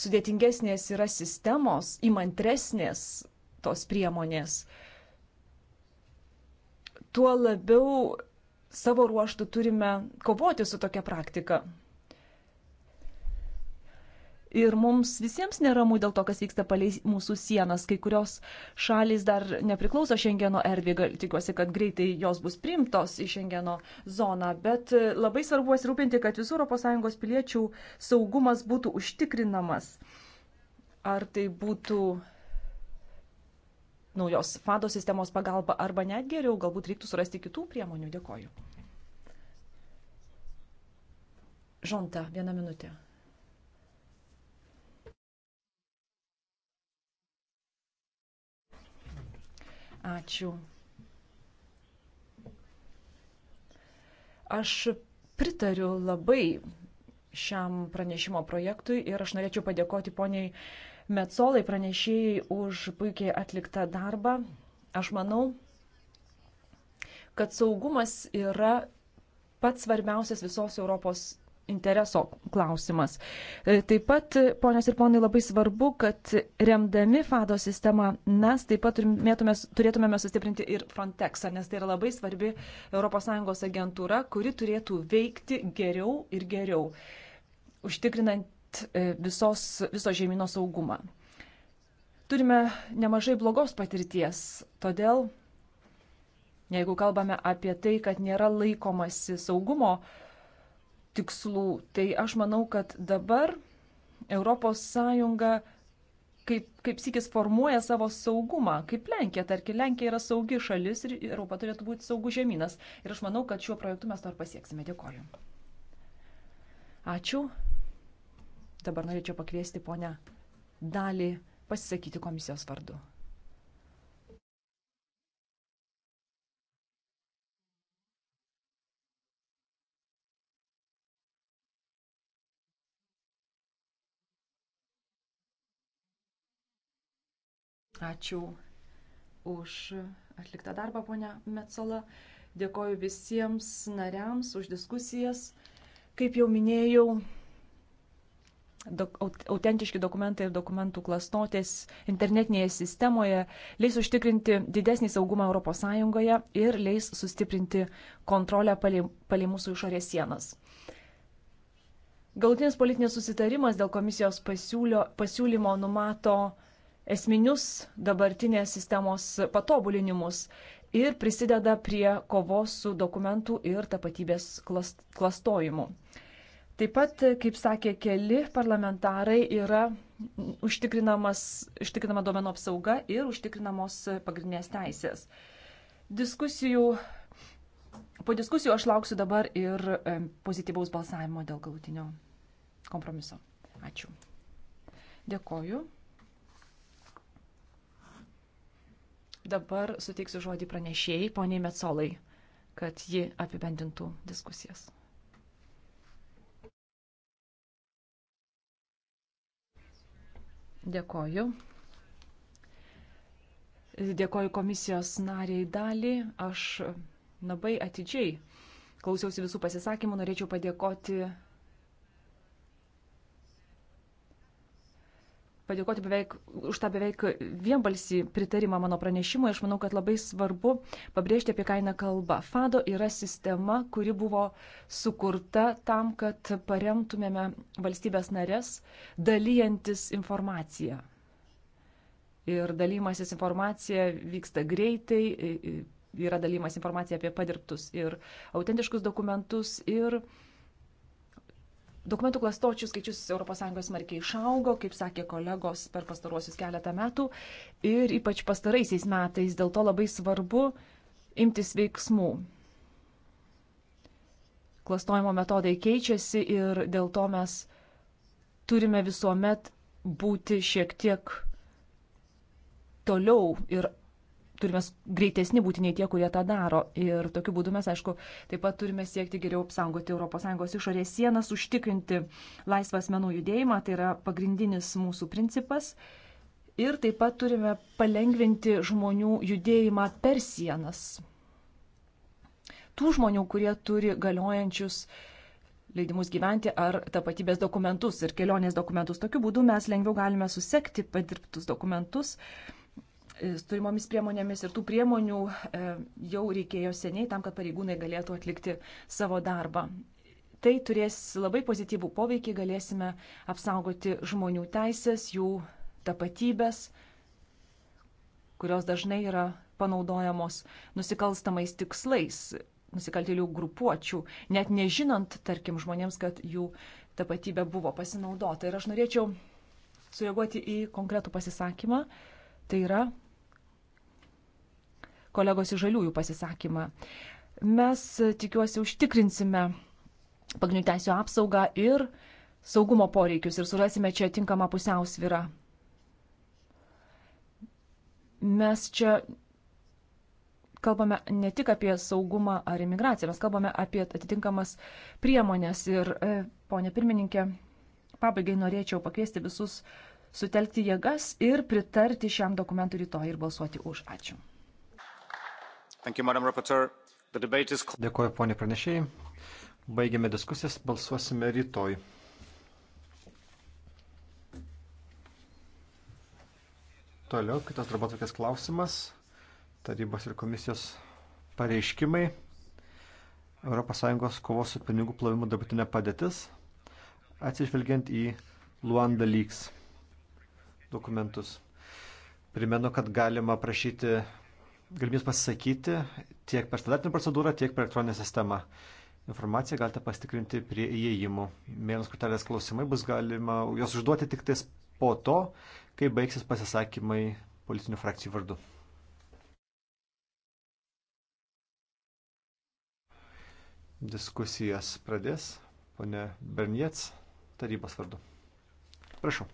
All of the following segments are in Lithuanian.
sudėtingesnės yra sistemos, įmantresnės tos priemonės, tuo labiau savo ruoštų turime kovoti su tokia praktika. Ir mums visiems neramu dėl to, kas vyksta palei mūsų sienas. Kai kurios šalys dar nepriklauso Šengeno erdvė, tikiuosi, kad greitai jos bus primtos į Šengeno zoną. Bet e, labai svarbu pasirūpinti, kad visų ES piliečių saugumas būtų užtikrinamas. Ar tai būtų naujos fado sistemos pagalba, arba net geriau, galbūt reiktų surasti kitų priemonių. Dėkoju. Žonta, vieną minutę. Ačiū. Aš pritariu labai šiam pranešimo projektui ir aš norėčiau padėkoti poniai Metsolai pranešėjai už puikiai atliktą darbą. Aš manau, kad saugumas yra pats svarbiausias visos Europos intereso klausimas. E, taip pat, ponios ir ponai, labai svarbu, kad remdami FADO sistemą mes taip pat turėtume, turėtumėme sustiprinti ir Frontexą, nes tai yra labai svarbi ES agentūra, kuri turėtų veikti geriau ir geriau, užtikrinant e, visos, viso žemynų saugumą. Turime nemažai blogos patirties, todėl jeigu kalbame apie tai, kad nėra laikomasi saugumo tikslų. Tai aš manau, kad dabar ES kaip, kaip sikis formuoja savo saugumą, kaip Lenkija, tarkim, Lenkija yra saugi šalis ir Europa turėtų būti saugų žemynas. Ir aš manau, kad šiuo projektu mes to ir pasieksime. Dėkoju. Ačiū. Dabar norėčiau pakviesti ponę Dalį pasisakyti komisijos vardu. Ačiū už atliktą darbą, ponia Metzola. Dėkoju visiems nariams už diskusijas. Kaip jau minėjau, dok, autentiški dokumentai ir dokumentų klastotės internetinėje sistemoje leis užtikrinti didesnį saugumą ES ir leis sustiprinti kontrolę palei, palei mūsų išorės sienas. Galutinis politinis susitarimas dėl komisijos pasiūlio, pasiūlymo numato esminius dabartinės sistemos patobulinimus ir prisideda prie kovos su dokumentų ir tapatybės klastojimu. Taip pat, kaip sakė keli parlamentarai, yra užtikrinama duomenų apsauga ir užtikrinamos pagrindinės teisės. Diskusijų, po diskusijų aš lauksiu dabar ir pozityvaus balsavimo dėl galutinio kompromiso. Ačiū. Dėkoju. Dabar suteiksiu žodį pranešėjai, poniai Metsolai, kad ji apibendintų diskusijas. Dėkoju. Dėkoju komisijos nariai dalį. Aš labai atidžiai klausiausi visų pasisakymų. Norėčiau padėkoti padėkoti beveik, už tą beveik vienbalsį pritarimą mano pranešimui. Aš manau, kad labai svarbu pabrėžti, apie ką eina kalba. Fado yra sistema, kuri buvo sukurta tam, kad paremtumėme valstybės narės dalyjantis informaciją. Ir dalymasis informacija vyksta greitai, yra dalymas informacija apie padirbtus ir autentiškus dokumentus ir uh, Dokumentų klastočių skaičius ES smarkiai išaugo, kaip sakė kolegos per pastaruosius keletą metų ir ypač pastaraisiais metais, dėl to labai svarbu imtis veiksmų. Klastojimo metodai keičiasi ir dėl to mes turime visuomet būti šiek tiek toliau ir turime greitesni būti nei tie, kurie tą daro. Ir tokiu būdu mes, aišku, taip pat turime siekti geriau apsaugoti ES išorės sienas, užtikrinti laisvą asmenų judėjimą, tai yra pagrindinis mūsų principas. Ir taip pat turime palengvinti žmonių judėjimą per sienas. Tų žmonių, kurie turi galiojančius leidimus gyventi ar tapatybės dokumentus ir kelionės dokumentus. Tokiu būdu mes lengviau galime susekti padirbtus dokumentus. Uh, turimomis priemonėmis ir tų priemonių e, jau reikėjo seniai tam, kad pareigūnai galėtų atlikti savo darbą. Tai turės labai pozityvų poveikį, galėsime apsaugoti žmonių teisės, jų tapatybės, kurios dažnai yra panaudojamos nusikalstamais tikslais, nusikaltėlių grupuočių, net nežinant, tarkim, žmonėms, kad jų tapatybė buvo pasinaudota. Ir aš norėčiau sureaguoti į konkretų pasisakymą. Tai yra kolegos iš žaliųjų pasisakymą. Mes, tikiuosi, užtikrinsime pagrindinių teisų apsaugą ir saugumo poreikius ir surasime čia tinkamą pusiausvyrą. Mes čia kalbame ne tik apie saugumą ar imigraciją, mes kalbame apie atitinkamas priemonės. Ir, e, ponė pirmininkė, pabaigai norėčiau pakviesti visus sutelkti jėgas ir pritarti šiam dokumentui rytoj ir balsuoti už. Ačiū. Is... Dėkuoju, ponė pranešėjai. Baigiame diskusijas, balsuosime rytoj. Toliau kitas darbotvarkės klausimas - tarybos ir komisijos pareiškimai. ES kovos su pinigų plovimu dabartinė padėtis, atsižvelgiant į Luanda Leaks dokumentus. Primenu, kad galima prašyti galimybės pasisakyti tiek per standartinę procedūrą, tiek per elektroninę sistemą. Informaciją galite pasitikrinti prie įėjimų. Mėlynos kortelės klausimai bus galima juos užduoti tik tais po to, kai baigsis pasisakymai politinių frakcijų vardu. Diskusijas pradės ponė Berniets tarybos vardu. Prašau.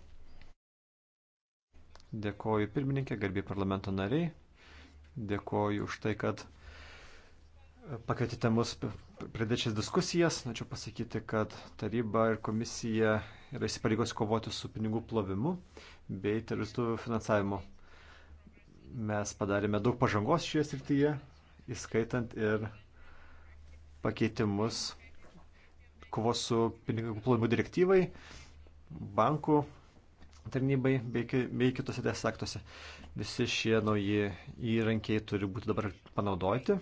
Dėkoju pirmininkė, garbiai parlamento nariai. Dėkoju už tai, kad pakvietėte mus pridėčias diskusijas. Norėčiau pasakyti, kad taryba ir komisija yra įsipareigos kovoti su pinigų plovimu bei teroristų finansavimu. Mes padarėme daug pažangos šioje srityje, įskaitant ir pakeitimus kovos su pinigų plovimu direktyvai, bankų tarnybai bei, bei kitose teisės aktuose. Visi šie nauji įrankiai turi būti dabar panaudoti.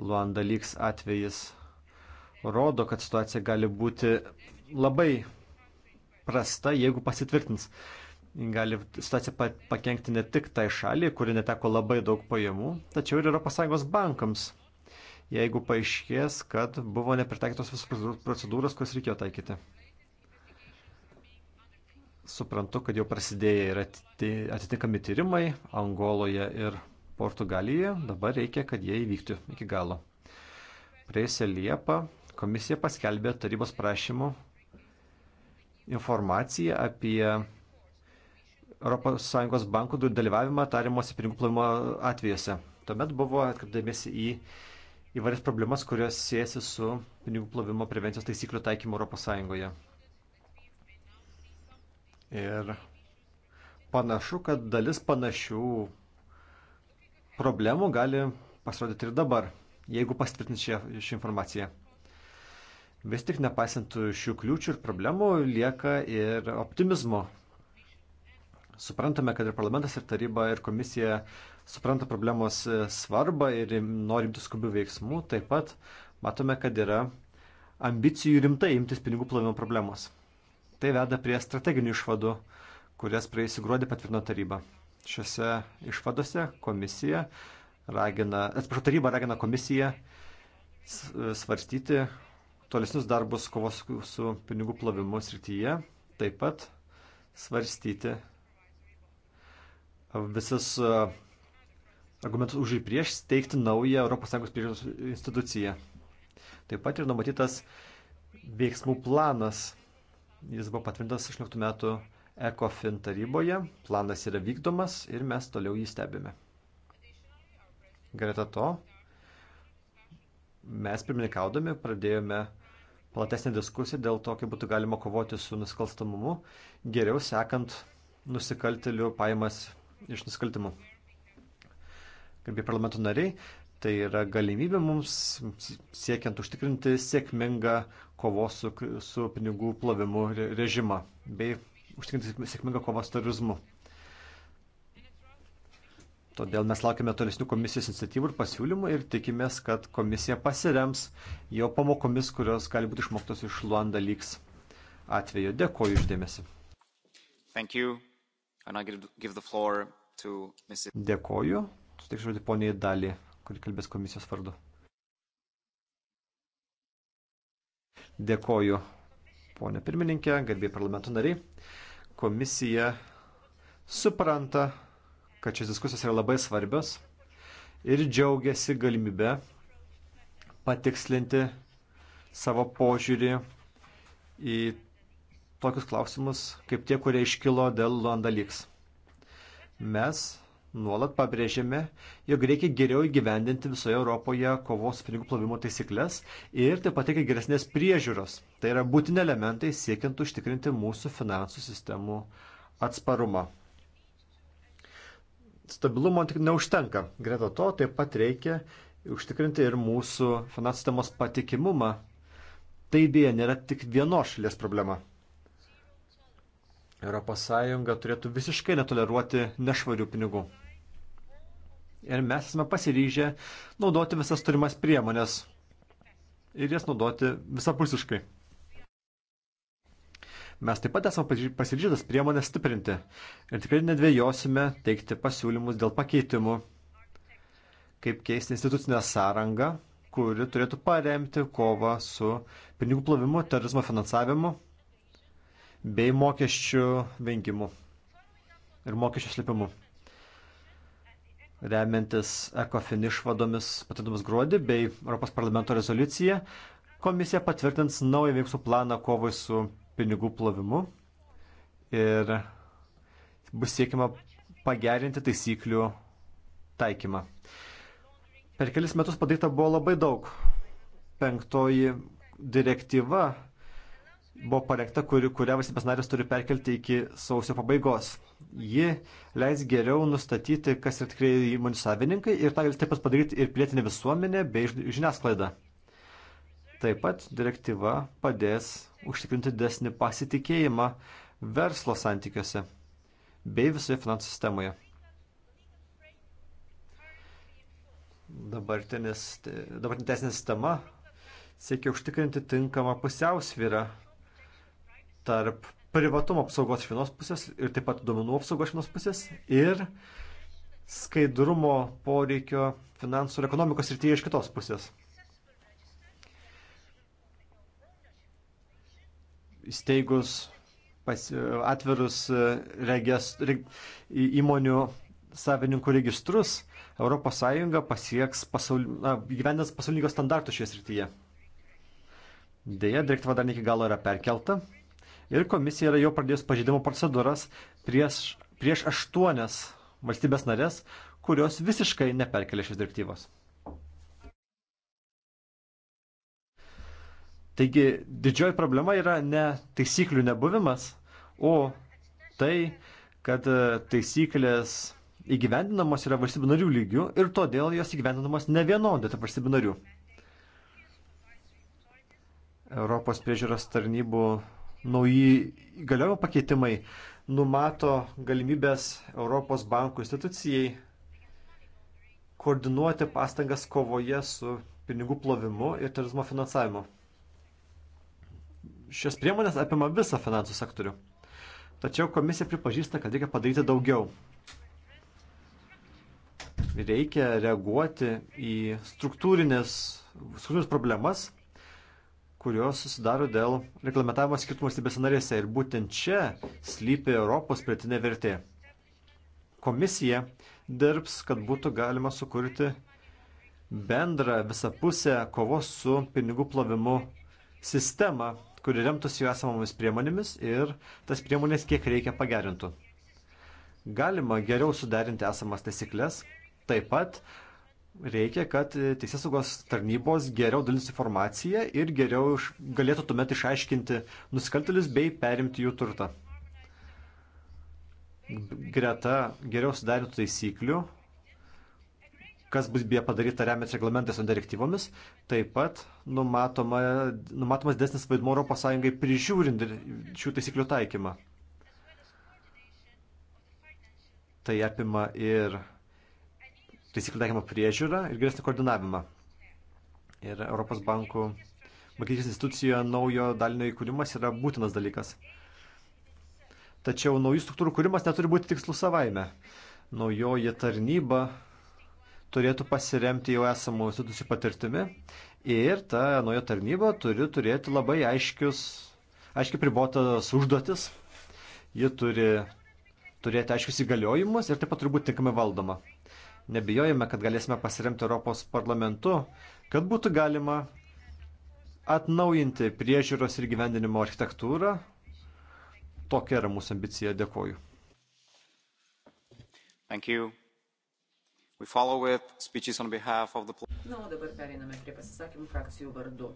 Luanda Lyks atvejis rodo, kad situacija gali būti labai prasta, jeigu pasitvirtins. Gali situacija pakengti ne tik tai šaliai, kuri neteko labai daug pajamų, tačiau ir ES bankams, jeigu paaiškės, kad buvo nepritaikytos visos procedūros, kurias reikėjo taikyti suprantu, kad jau prasidėję yra atitinkami tyrimai Angoloje ir Portugalijoje. Dabar reikia, kad jie įvyktų iki galo. Praėjusią Liepą komisija paskelbė tarybos prašymu informaciją apie ES bankų dalyvavimą tariamosi pinigų plovimo atvejuose. Tuomet buvo atkreipdamėsi į įvairias problemas, kurios siejasi su pinigų plovimo prevencijos taisyklių taikymu ES. Ir panašu, kad dalis panašių problemų gali pasirodyti ir dabar, jeigu pasitvirtins ši informacija. Vis tik nepaisant šių kliūčių ir problemų lieka ir optimizmo. Suprantame, kad ir parlamentas, ir taryba, ir komisija supranta problemos e, svarbą ir nori imtis skubių veiksmų. Taip pat matome, kad yra ambicijų rimtai imtis pinigų plovimo problemos. Tai veda prie strateginių išvadų, kurias praėjusį gruodį patvirtino taryba. Šiuose išvadose komisija ragina, atsiprašau, taryba ragina komisiją svarstyti tolesnius darbus kovos su pinigų plovimu srityje, taip pat svarstyti visas e, argumentus už ir prieš steigti naują ES priežiūros instituciją. Taip pat ir numatytas veiksmų planas Jis buvo patvirtintas 18 metų ECOFIN taryboje, planas yra vykdomas ir mes toliau jį stebime. Greta to, mes pirmininkaudami pradėjome platesnę diskusiją dėl to, kaip būtų galima kovoti su nusikalstamumu, geriau sekant nusikaltelių pajamas iš nusikaltimų. Kaip ir parlamento nariai, Tai yra galimybė mums siekiant užtikrinti sėkmingą kovos su, su pinigų plovimu režimą bei užtikrinti sėkmingą kovą su terorizmu. Todėl mes laukiame tolesnių komisijos iniciatyvų ir pasiūlymų ir tikimės, kad komisija pasirems jo pamokomis, kurios gali būti išmoktos iš Luanda lygs atveju. Dėkoju išdėmesi. Dėkoju. Suteiksiu žodį poniai dalį kuri kalbės komisijos vardu. Dėkoju, ponė pirmininkė, garbiai parlamento nariai. Komisija supranta, kad šios diskusijos yra labai svarbios ir džiaugiasi galimybę patikslinti savo požiūrį į tokius klausimus, kaip tie, kurie iškilo dėl Luanda Lygs. Mes nuolat pabrėžėme, jog reikia geriau įgyvendinti visoje Europoje kovos pinigų plovimo taisyklės ir taip pat reikia geresnės priežiūros. Tai yra būtini elementai siekiant užtikrinti mūsų finansų sistemų atsparumą. Stabilumo tik neužtenka. Greta to taip pat reikia užtikrinti ir mūsų finansų sistemos patikimumą. Tai beje nėra tik vienos šalies problema. ES turėtų visiškai netoleruoti nešvarių pinigų ir mes esame pasiryžę naudoti visas turimas priemonės ir jas naudoti visapusiškai. Mes taip pat esame pasiryžę tas priemonės stiprinti ir tikrai nedvėjosime teikti pasiūlymus dėl pakeitimų, kaip keisti institucinę sąrangą, kuri turėtų paremti kovą su pinigų plovimu, terorizmo finansavimu bei mokesčių vengimu ir mokesčių slėpimu remiantis ECOFIN išvadomis patintomis gruodį bei Europos parlamento rezoliuciją, komisija patvirtins naują veiksmų planą kovai su pinigų plovimu ir bus siekiama pagerinti taisyklių taikymą. Per kelis metus padaryta buvo labai daug. Penktoji direktyva buvo parengta, kuri, kurią valstybės narės turi perkelti iki sausio pabaigos. Ji leis geriau nustatyti, kas yra tikrai įmonių savininkai ir tą galės taip pat padaryti ir pilietinė visuomenė bei žiniasklaida. Taip pat direktyva padės užtikrinti desnį pasitikėjimą verslo santykiuose bei visoje finansų sistemoje. Dabartinė teisinė sistema siekia užtikrinti tinkamą pusiausvyrą tarp privatumo apsaugos iš vienos pusės ir taip pat duomenų apsaugos iš vienos pusės ir skaidrumo poreikio finansų ir ekonomikos srityje iš kitos pusės. Įsteigus pas, atvirus e, regės, reg, įmonių savininkų registrus, ES pasieks pasaul, na, gyvendęs pasaulinio standartų šioje srityje. Deja, direktyva dar ne iki galo yra perkelta ir komisija yra jau pradėjus pažeidimo procedūras prieš, prieš aštuonias valstybės narės, kurios visiškai neperkelia šios direktyvos. Taigi didžioji problema yra ne taisyklių nebuvimas, o tai, kad e, taisyklės įgyvendinamos yra valstybių narių lygių ir todėl jos įgyvendinamos ne vienodai tarp valstybių narių. Europos priežiūros tarnybų nauji įgaliojimo pakeitimai numato galimybės Europos bankų institucijai koordinuoti pastangas kovoje su pinigų plovimu ir terorizmo finansavimu. Šios priemonės apima visą finansų sektorių. Tačiau komisija pripažįsta, kad reikia padaryti daugiau. Reikia reaguoti į struktūrinės, struktūrinės problemas kurios susidaro dėl reglamentavimo skirtumų valstybės narėse. Ir būtent čia slypi Europos pritinė vertė. Komisija dirbs, kad būtų galima sukurti bendrą visapusę kovos su pinigų plovimu sistemą, kuri remtųsi jų esamomis priemonėmis ir tas priemonės kiek reikia pagerintų. Galima geriau suderinti esamas taisyklės, taip pat reikia, kad e, teisės saugos tarnybos geriau dalins informaciją ir geriau galėtų tuomet išaiškinti nusikaltelius bei perimti jų turtą. Greta geriau sudarintų taisyklių, kas bus beje padaryta remiant reglamentais ir direktyvomis, taip pat numatoma, numatomas desnis vaidmo Europos Sąjungai prižiūrint šių taisyklių taikymą. Tai apima ir taisyklių taikymą priežiūrą ir geresnį koordinavimą. Ir Europos bankų bankininkės institucijo naujo dalinio įkūrimas yra būtinas dalykas. Tačiau naujų struktūrų kūrimas neturi būti tikslų savaime. Naujoji tarnyba turėtų pasiremti jau esamų institucijų patirtimi ir ta nauja tarnyba turi turėti labai aiškius, aiškiai pribotas užduotis, ji turi turėti aiškius įgaliojimus ir taip pat turi būti tinkamai valdoma nebijojame, kad galėsime pasiremti Europos parlamentu, kad būtų galima atnaujinti priežiūros ir gyvendinimo architektūrą. Tokia yra mūsų ambicija. Dėkoju. The... Na, o dabar pereiname prie pasisakymų frakcijų vardu.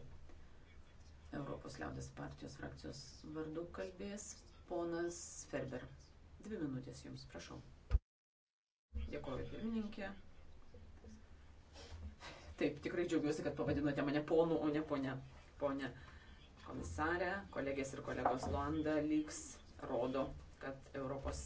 Europos liaudės partijos frakcijos vardu kalbės ponas Ferber. Dvi minutės jums, prašau. Dėkuoju pirmininkė. Taip, tikrai džiaugiuosi, kad pavadinote mane ponu, o ne ponė. Ponė komisarė, kolegės ir kolegos Luanda lygs rodo, kad ES,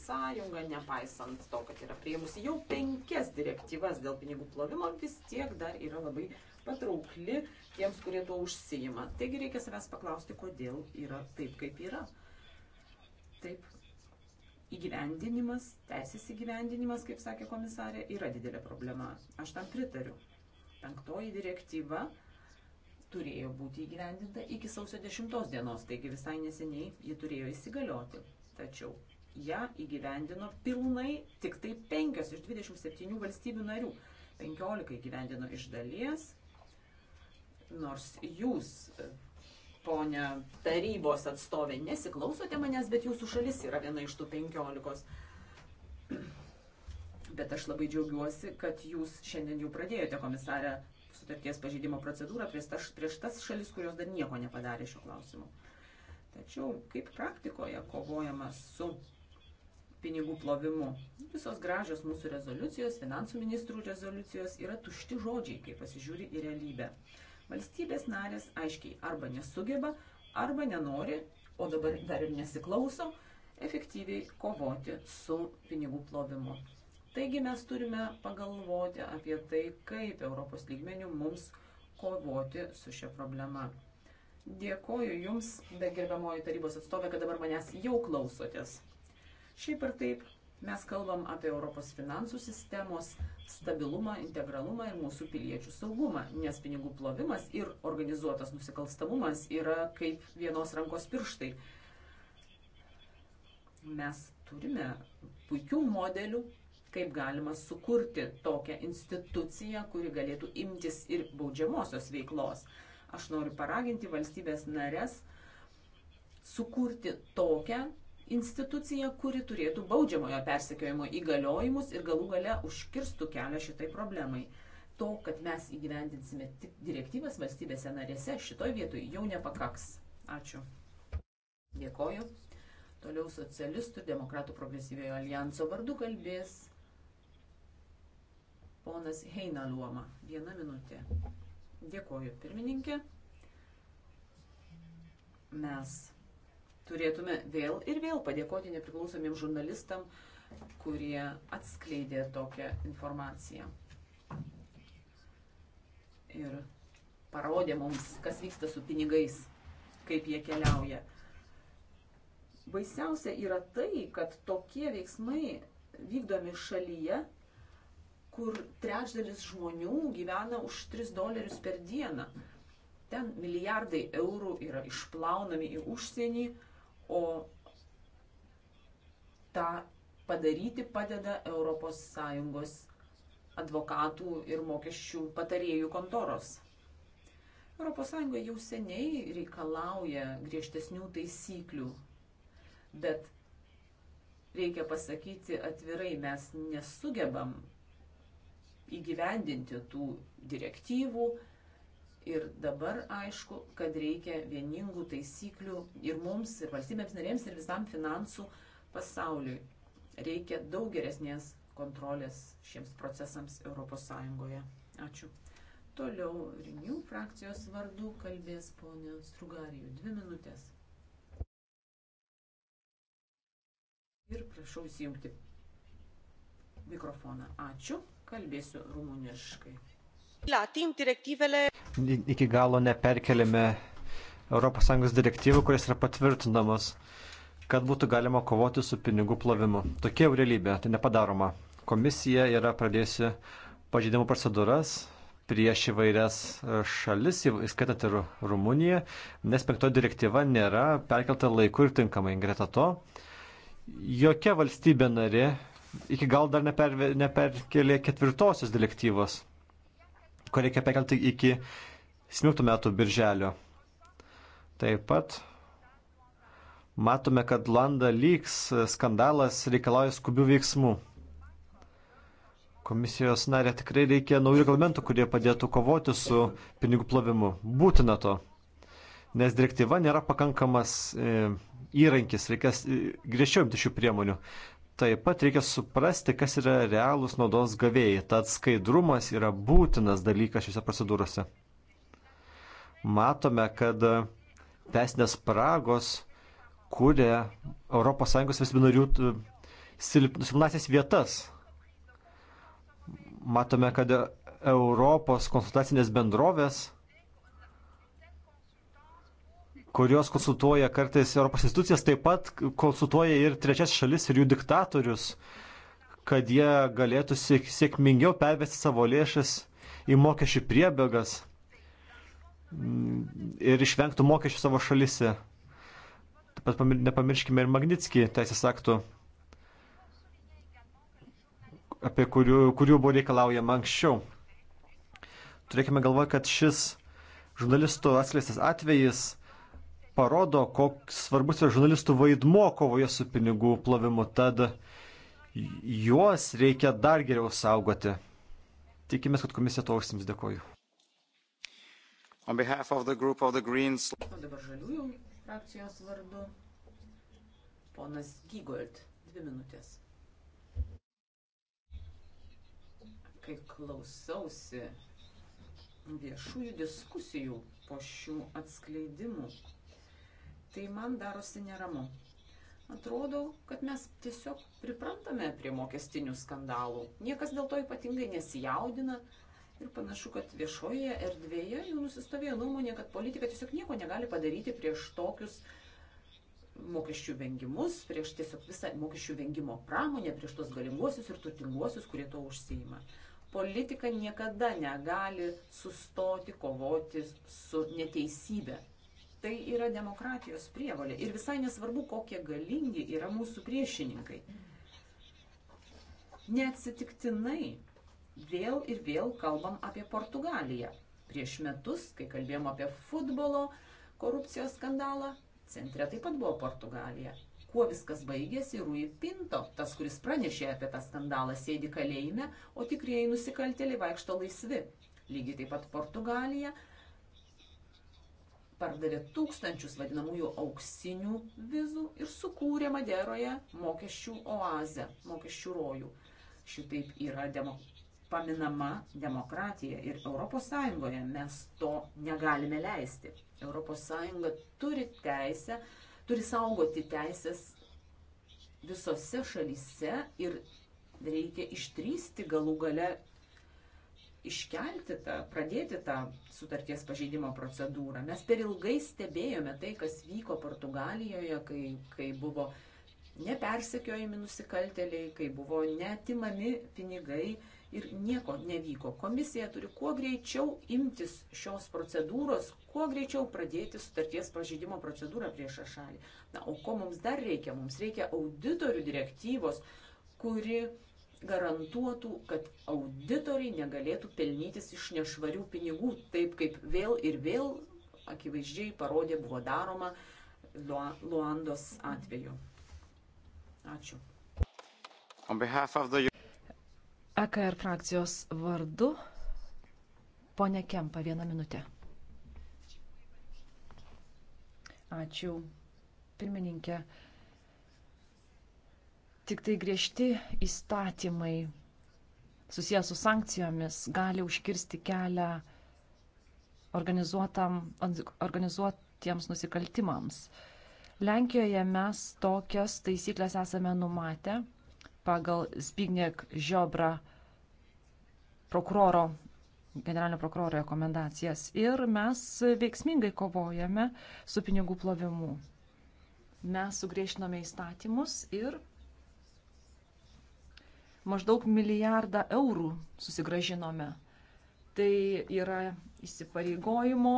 nepaisant to, kad yra prieimusi jau penkias direktyvas dėl pinigų plovimo, vis tiek dar yra labai patraukli tiems, kurie tuo užsijima. Taigi reikia savęs paklausti, kodėl yra taip, kaip yra. Taip, įgyvendinimas, teisės įgyvendinimas, kaip sakė komisarė, yra didelė problema. Aš tam pritariu. Penktoji direktyva turėjo būti įgyvendinta iki sausio 10 dienos, taigi visai neseniai ji turėjo įsigalioti. Tačiau ją įgyvendino pilnai tik tai 5 iš 27 valstybių narių. 15 įgyvendino iš dalies, nors jūs ponia tarybos atstovė, nesiklausote manęs, bet jūsų šalis yra viena iš tų penkiolikos. Bet aš labai džiaugiuosi, kad jūs šiandien jau pradėjote, komisarė, sutarties pažeidimo procedūrą prieš tas, prieš tas šalis, kurios dar nieko nepadarė šiuo klausimu. Tačiau kaip praktikoje kovojama su pinigų plovimu. Visos gražios mūsų rezoliucijos, finansų ministrų rezoliucijos yra tušti žodžiai, kai pasižiūri į realybę. Valstybės narės aiškiai arba nesugeba, arba nenori, o dabar dar ir nesiklauso, efektyviai kovoti su pinigų plovimu. Taigi mes turime pagalvoti apie tai, kaip Europos lygmenių mums kovoti su šia problema. Dėkoju Jums, be gerbiamoji tarybos atstovė, kad dabar manęs jau klausotės. Šiaip ar taip, mes kalbam apie Europos finansų sistemos stabilumą, integralumą ir mūsų piliečių saugumą, nes pinigų plovimas ir organizuotas nusikalstamumas yra kaip vienos rankos pirštai. Mes turime puikių modelių, kaip galima sukurti tokią instituciją, kuri galėtų imtis ir baudžiamosios veiklos. Aš noriu paraginti valstybės narės sukurti tokią institucija, kuri turėtų baudžiamojo persekiojimo įgaliojimus ir galų gale užkirstų kelią šitai problemai. To, kad mes įgyvendinsime tik direktyvas valstybėse narėse, šitoj vietoj jau nepakaks. Ačiū. Dėkoju. Toliau socialistų ir demokratų progresyviojo alijanso vardu kalbės ponas Heina Luoma. Viena minutė. Dėkoju, pirmininkė. Mes turėtume vėl ir vėl padėkoti nepriklausomiem žurnalistam, kurie atskleidė tokią informaciją. Ir parodė mums, kas vyksta su pinigais, kaip jie keliauja. Baisiausia yra tai, kad tokie veiksmai vykdomi šalyje, kur trečdalis žmonių gyvena už 3 dolerius per dieną. Ten milijardai eurų yra išplaunami į užsienį, o tą padaryti padeda ES advokatų ir mokesčių patarėjų kontoros. ES jau seniai reikalauja griežtesnių taisyklių, bet reikia pasakyti atvirai, mes nesugebam įgyvendinti tų direktyvų, Ir dabar aišku, kad reikia vieningų taisyklių ir mums, ir valstybėms narėms, ir visam finansų pasauliui. Reikia daug geresnės kontrolės šiems procesams ES. Ačiū. Toliau Rinių frakcijos vardu kalbės ponė Strugarijų. Dvi minutės. Ir prašau įsijungti mikrofoną. Ačiū. Kalbėsiu rumuniškai. Iki galo neperkeliame ES direktyvų, kurias yra patvirtinamos, kad būtų galima kovoti su pinigų plovimu. Tokia jau realybė, tai nepadaroma. Komisija yra pradėjusi pažeidimų procedūras prieš įvairias e, šalis, įskaitant ir Rumuniją, nes penkto direktyva nėra perkelta laiku ir tinkamai. Greta to, jokia valstybė narė iki gal dar neper, neperkelė ketvirtosios direktyvos ko reikia perkelti iki 17 metų birželio. Taip pat matome, kad Landa lygs skandalas reikalauja skubių veiksmų. Komisijos narė tikrai reikia naujų reglamentų, kurie padėtų kovoti su pinigų plovimu. Būtina to. Nes direktyva nėra pakankamas e, įrankis, reikės e, griežčiau imti šių priemonių. Taip pat reikia suprasti, kas yra realūs naudos gavėjai. Tad skaidrumas yra būtinas dalykas šiuose procedūrose. Matome, kad teisinės spragos kūrė ES valstybių narių silpnasias vietas. Matome, kad Europos konsultacinės bendrovės kurios konsultuoja kartais Europos institucijas, taip pat konsultuoja ir trečias šalis ir jų diktatorius, kad jie galėtų sėkmingiau pervesti savo lėšas į mokesčių priebėgas mm, ir išvengtų mokesčių savo šalise. Taip pat nepamirškime ir Magnitskį teisės aktų, apie kurių, kurių buvo reikalaujama anksčiau. Turėkime galvoje, kad šis žurnalistų atskleistas atvejis parodo, koks svarbus yra žurnalistų vaidmo kovoje su pinigų plovimu, tad juos reikia dar geriau saugoti. Tikimės, kad komisija to užsims. Dėkoju. On behalf of the group of the Greens. O dabar žaliųjų frakcijos vardu ponas Gygold, dvi minutės. Kai klausausi viešųjų diskusijų po šių atskleidimų, tai man darosi neramu. Atrodo, kad mes tiesiog priprantame prie mokestinių skandalų. Niekas dėl to ypatingai nesijaudina ir panašu, kad viešoje erdvėje jau nusistovėjo nuomonė, kad politika tiesiog nieko negali padaryti prieš tokius mokesčių vengimus, prieš tiesiog visą mokesčių vengimo pramonę, prieš tos galinguosius ir turtinguosius, kurie to užsieima. Politika niekada negali sustoti kovoti su neteisybė. Tai yra demokratijos prievalė. Ir visai nesvarbu, kokie galingi yra mūsų priešininkai. Neatsitiktinai vėl ir vėl kalbam apie Portugaliją. Prieš metus, kai kalbėjom apie futbolo korupcijos skandalą, centre taip pat buvo Portugalija. Kuo viskas baigėsi, Rui Pinto, tas, kuris pranešė apie tą skandalą, sėdi kalėjime, o tikrieji nusikaltėliai vaikšto laisvi. Lygiai taip pat Portugalija pardavė tūkstančius vadinamųjų auksinių vizų ir sukūrė Maderoje mokesčių oazę, mokesčių rojų. Šitaip yra demo, paminama demokratija ir ES mes to negalime leisti. ES turi teisę, turi saugoti teisės visose šalyse ir reikia ištrysti galų gale iškelti tą, pradėti tą sutarties pažeidimo procedūrą. Mes per ilgai stebėjome tai, kas vyko Portugalijoje, kai, kai buvo nepersekiojami nusikalteliai, kai buvo netimami pinigai ir nieko nevyko. Komisija turi kuo greičiau imtis šios procedūros, kuo greičiau pradėti sutarties pažeidimo procedūrą prieš šalį. Na, o ko mums dar reikia? Mums reikia auditorių direktyvos, kuri uh, garantuotų, kad auditoriai negalėtų pelnytis iš nešvarių pinigų, taip kaip vėl ir vėl akivaizdžiai parodė buvo daroma Luandos atveju. Ačiū. The... AKR e frakcijos vardu, ponė Kempa, vieną minutę. Ačiū, pirmininkė. Tik tai griežti įstatymai susijęs su sankcijomis gali užkirsti kelią organizuotiems nusikaltimams. Lenkijoje mes tokias taisyklės esame numatę pagal Zbigniek Žiobra prokuroro, generalinio prokuroro rekomendacijas ir mes veiksmingai kovojame su pinigų plovimu. Mes sugriešinome įstatymus ir maždaug milijardą eurų susigražinome. Tai yra įsipareigojimo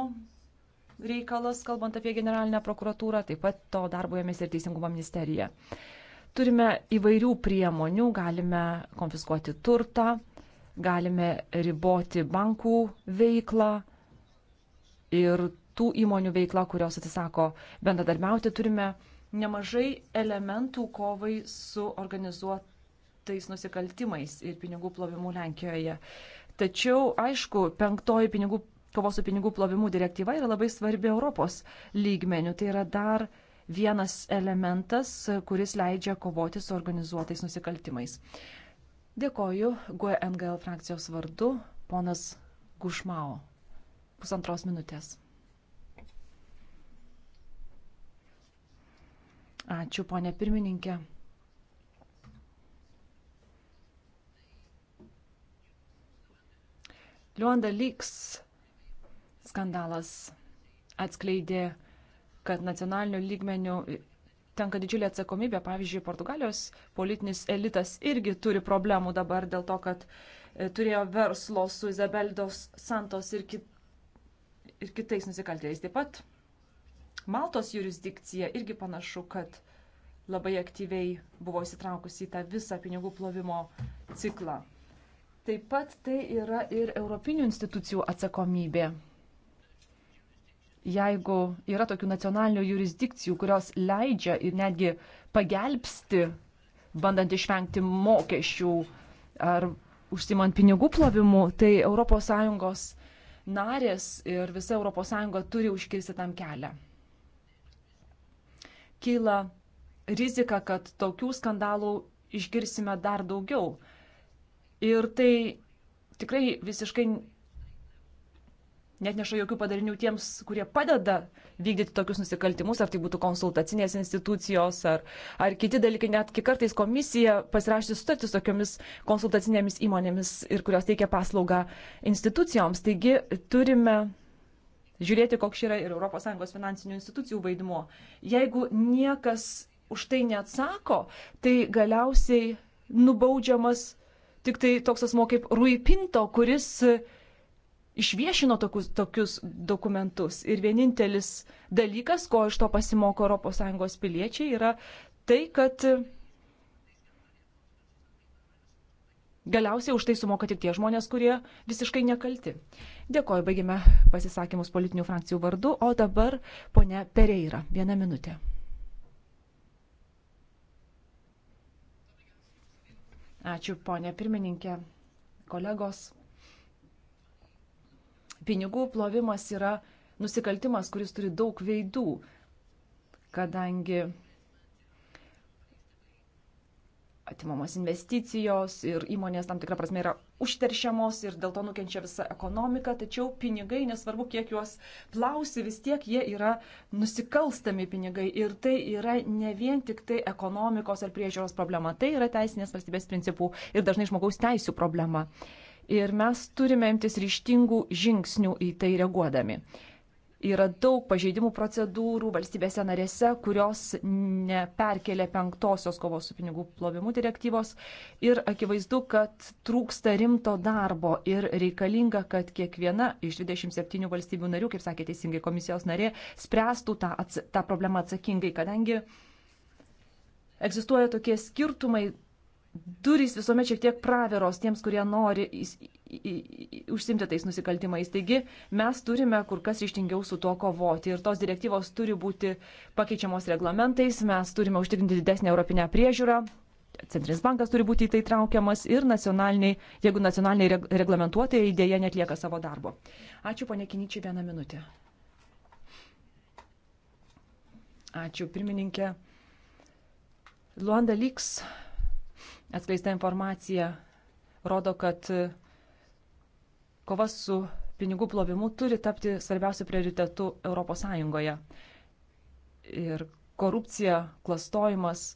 reikalas, kalbant apie generalinę prokuratūrą, taip pat to darbo ėmėsi ir Teisingumo ministerija. Turime įvairių priemonių, galime konfiskuoti turtą, galime riboti bankų veiklą ir tų įmonių veiklą, kurios atsisako bendradarbiauti, turime nemažai elementų kovai su organizuot tais nusikaltimais ir pinigų plovimu Lenkijoje. Tačiau, aišku, penktoji pinigų, kovos su pinigų plovimu direktyva yra labai svarbi Europos lygmenių. Tai yra dar vienas elementas, kuris leidžia kovoti su organizuotais nusikaltimais. Dėkoju GUNGL e frakcijos vardu, ponas Gušmao. Pusantros minutės. Ačiū, ponė pirmininkė. Luanda Leaks skandalas atskleidė, kad nacionaliniu lygmeniu tenka didžiulė atsakomybė. Pavyzdžiui, Portugalijos politinis elitas irgi turi problemų dabar dėl to, kad e, turėjo verslo su Izabeldos Santos ir, kit, ir kitais nusikaltėliais. Taip pat Maltos jurisdikcija irgi panašu, kad labai aktyviai buvo įsitraukusi į tą visą pinigų plovimo ciklą. Taip pat tai yra ir europinių institucijų atsakomybė. Jeigu yra tokių nacionalinių jurisdikcijų, kurios leidžia ir netgi pagelbsti, bandant išvengti mokesčių ar užsimant pinigų plovimu, tai ES narės ir visa ES turi užkirsti tam kelią. Kyla rizika, kad tokių skandalų išgirsime dar daugiau Ir tai tikrai visiškai net neša jokių padarinių tiems, kurie padeda vykdyti tokius nusikaltimus, ar tai būtų konsultacinės institucijos, ar, ar kiti dalykai, netgi kartais komisija pasirašyti sutartį su tokiomis konsultacinėmis įmonėmis ir kurios teikia paslaugą institucijoms. Taigi turime žiūrėti, koks yra ir ES finansinių institucijų vaidmuo. Jeigu niekas už tai neatsako, tai galiausiai nubaudžiamas tik tai toks asmo kaip Rui Pinto, kuris e, išviešino tokius, tokius dokumentus. Ir vienintelis dalykas, ko iš to pasimoko ES piliečiai, yra tai, kad e, galiausiai už tai sumoka tik tie žmonės, kurie visiškai nekalti. Dėkoju, baigime pasisakymus politinių frakcijų vardu, o dabar ponia Pereira, vieną minutę. Ačiū, ponė pirmininkė, kolegos. Pinigų plovimas yra nusikaltimas, kuris turi daug veidų, kadangi atimamos investicijos ir įmonės tam tikrą prasme yra užteršiamos ir dėl to nukenčia visa ekonomika, tačiau pinigai, nesvarbu kiek juos plausi, vis tiek jie yra nusikalstami pinigai ir tai yra ne vien tik tai ekonomikos ar priežiūros problema, tai yra teisinės valstybės principų ir dažnai žmogaus teisų problema. Ir mes turime imtis ryštingų žingsnių į tai reaguodami yra daug pažeidimų procedūrų valstybėse narėse, kurios neperkelia penktosios kovos su pinigų plovimu direktyvos. Ir akivaizdu, kad trūksta rimto darbo ir reikalinga, kad kiekviena iš 27 valstybių narių, kaip sakė teisingai komisijos narė, spręstų tą, tą problemą atsakingai, kadangi egzistuoja tokie skirtumai durys visuomet šiek tiek praviros tiems, kurie nori užsimti tais nusikaltimais. Taigi mes turime kur kas ryštingiau su tuo kovoti ir tos direktyvos turi būti pakeičiamos reglamentais, mes turime užtikrinti didesnį europinę priežiūrą. Centrinis bankas turi būti į tai traukiamas ir nacionaliniai, jeigu nacionaliniai reglamentuotojai dėja netlieka savo darbo. Ačiū, ponė Kiničiai, vieną minutę. Ačiū, pirmininkė. Luanda Lyks Atskleista informacija rodo, kad kova su pinigų plovimu turi tapti svarbiausiu prioritetu ES. Ir korupcija, klastojimas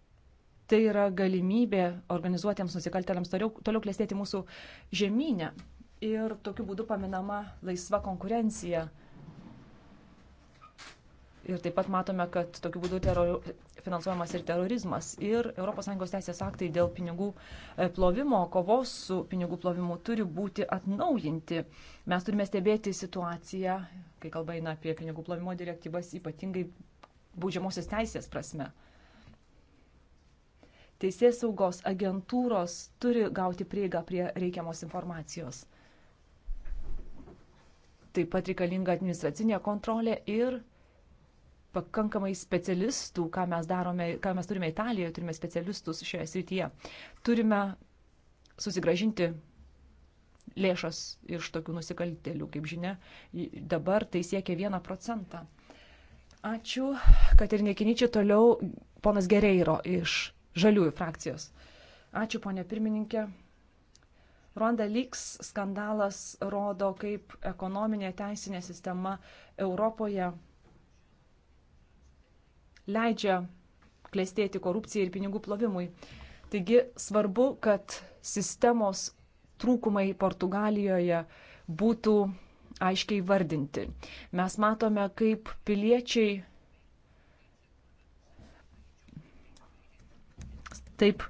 - tai yra galimybė organizuotiems nusikaltėliams toliau, toliau klėstėti mūsų žemynę. Ir tokiu būdu paminama laisva konkurencija Ir taip pat matome, kad tokiu būdu teror, finansuojamas ir terorizmas. Ir ES teisės aktai dėl pinigų e, plovimo, kovos su pinigų plovimu turi būti atnaujinti. Mes turime stebėti situaciją, kai kalba eina apie pinigų plovimo direktyvas, ypatingai būdžiamosios teisės prasme. Teisės saugos agentūros turi gauti prieigą prie reikiamos informacijos. Taip pat reikalinga administracinė kontrolė ir pakankamai specialistų, ką mes darome, ką mes turime Italijoje, turime specialistus šioje srityje. Turime susigražinti lėšas iš tokių nusikaltėlių, kaip žinia, dabar tai siekia 1 procentą. Ačiū, kad ir nekiničiai toliau ponas Gereiro iš Žaliųjų frakcijos. Ačiū, ponė pirmininkė. Ronda Lyks skandalas rodo, kaip ekonominė teisinė sistema Europoje leidžia klėstėti korupcijai ir pinigų plovimui. Taigi svarbu, kad sistemos trūkumai Portugalijoje būtų aiškiai vardinti. Mes matome, kaip piliečiai taip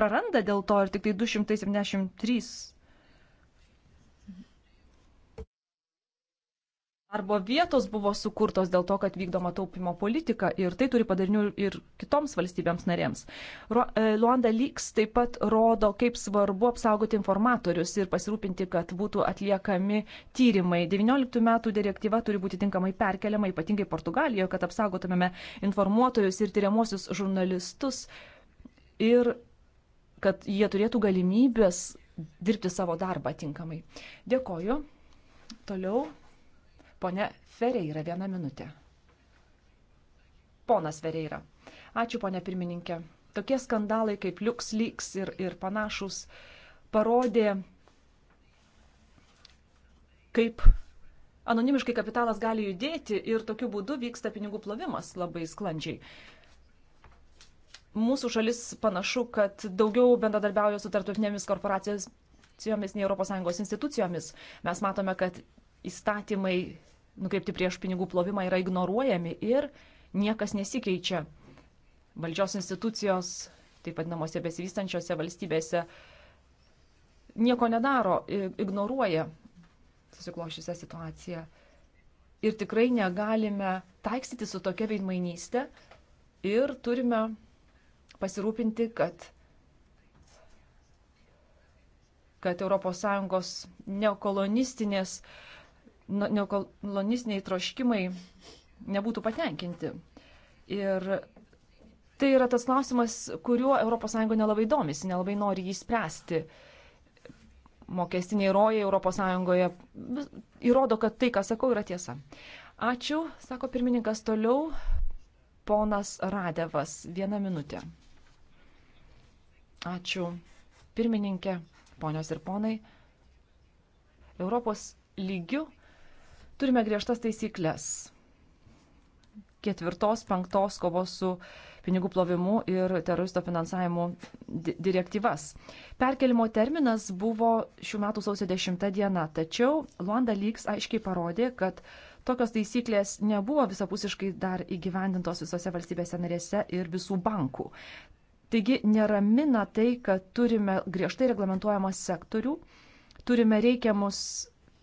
praranda dėl to ir tik tai 273 Arba vietos buvo sukurtos dėl to, kad vykdoma taupimo politika ir tai turi padarinių ir kitoms valstybėms narėms. E, Luanda Leaks taip pat rodo, kaip svarbu apsaugoti informatorius ir pasirūpinti, kad būtų atliekami tyrimai. 19 metų direktyva turi būti tinkamai perkeliama, ypatingai Portugalijoje, kad apsaugotumėme informuotojus ir tyriamuosius žurnalistus ir kad jie turėtų galimybės dirbti savo darbą tinkamai. Dėkoju. Toliau Pone Fereira, viena minutė. Ponas Fereira. Ačiū, ponė pirmininkė. Tokie skandalai kaip LuxLeaks ir, ir panašus parodė, kaip anonimiškai kapitalas gali judėti ir tokiu būdu vyksta pinigų plovimas labai sklandžiai. Mūsų šalis panašu, kad daugiau bendradarbiauja su tartutinėmis korporacijomis nei ES institucijomis. Mes matome, kad įstatymai nukreipti prieš pinigų plovimą yra ignoruojami ir niekas nesikeičia. Valdžios institucijos, taip pat namuose besivystančiose valstybėse, nieko nedaro, ignoruoja susiklošysią situaciją. Ir tikrai negalime taikstyti su tokia veidmainystė ir turime pasirūpinti, kad, kad ES neokolonistinės uh, Nu, neokolonistiniai troškimai nebūtų patenkinti. Ir tai yra tas klausimas, kuriuo ES nelabai domisi, nelabai nori jį spręsti. Mokestiniai rojai ES įrodo, kad tai, ką sakau, yra tiesa. Ačiū, sako pirmininkas toliau, ponas Radevas, vieną minutę. Ačiū, pirmininkė, ponios ir ponai. Europos lygių Turime griežtas taisyklės. Ketvirtos, penktos kovos su pinigų plovimu ir teroristo finansavimu di direktyvas. Perkelimo terminas buvo šių metų sausio 10 diena, tačiau Luanda Lygs aiškiai parodė, kad tokios taisyklės nebuvo visapusiškai dar įgyvendintos visose valstybėse narėse ir visų bankų. Taigi neramina tai, kad turime griežtai reglamentuojamą sektorių, turime reikiamus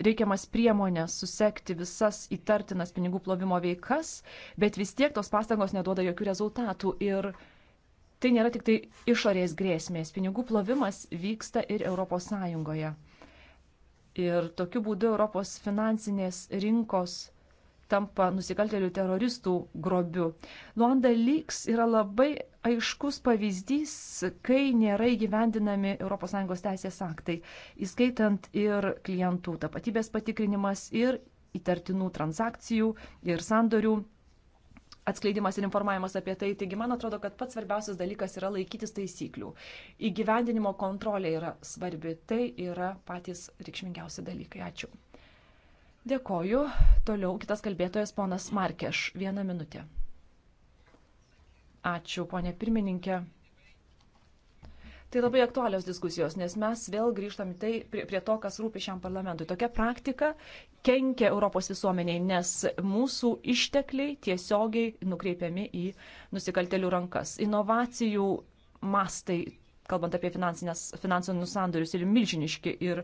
reikiamas priemonės susekti visas įtartinas pinigų plovimo veikas, bet vis tiek tos pastangos neduoda jokių rezultatų. Ir tai nėra tik tai išorės grėsmės. Pinigų plovimas vyksta ir ES. Ir tokiu būdu Europos finansinės rinkos tampa nusikaltelių teroristų grobiu. Luanda Leaks yra labai aiškus pavyzdys, kai nėra įgyvendinami ES teisės aktai, įskaitant ir klientų tapatybės patikrinimas, ir įtartinų transakcijų, ir sandorių atskleidimas ir informavimas apie tai. Taigi, man atrodo, kad pats svarbiausias dalykas yra laikytis taisyklių. Įgyvendinimo kontrolė yra svarbi. Tai yra patys reikšmingiausi dalykai. Ačiū. Dėkoju. Toliau kitas kalbėtojas ponas Markeš. Vieną minutę. Ačiū, ponė pirmininkė. Tai labai aktualios diskusijos, nes mes vėl grįžtam tai, prie, prie to, kas rūpi šiam parlamentui. Tokia praktika kenkia Europos visuomeniai, nes mūsų ištekliai tiesiogiai nukreipiami į nusikaltelių rankas. Inovacijų mastai, kalbant apie finansinius sandorius, yra milžiniški ir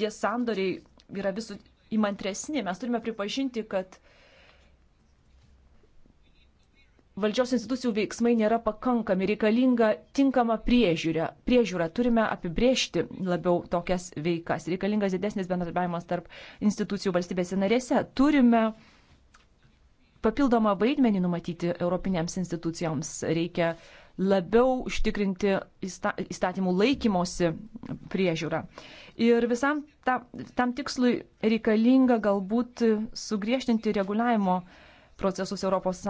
tie sandoriai yra visų įmantresni. Mes turime pripažinti, kad valdžios institucijų veiksmai nėra pakankami, reikalinga tinkama priežiūra. priežiūra. Turime apibriežti labiau tokias veikas, reikalingas didesnis bendradarbiavimas tarp institucijų valstybėse narėse. Turime papildomą vaidmenį numatyti europinėms institucijoms, reikia uh, labiau užtikrinti įstatymų laikymosi priežiūrą. Ir visam ta, tam tikslui reikalinga galbūt sugriežtinti reguliavimo procesus ES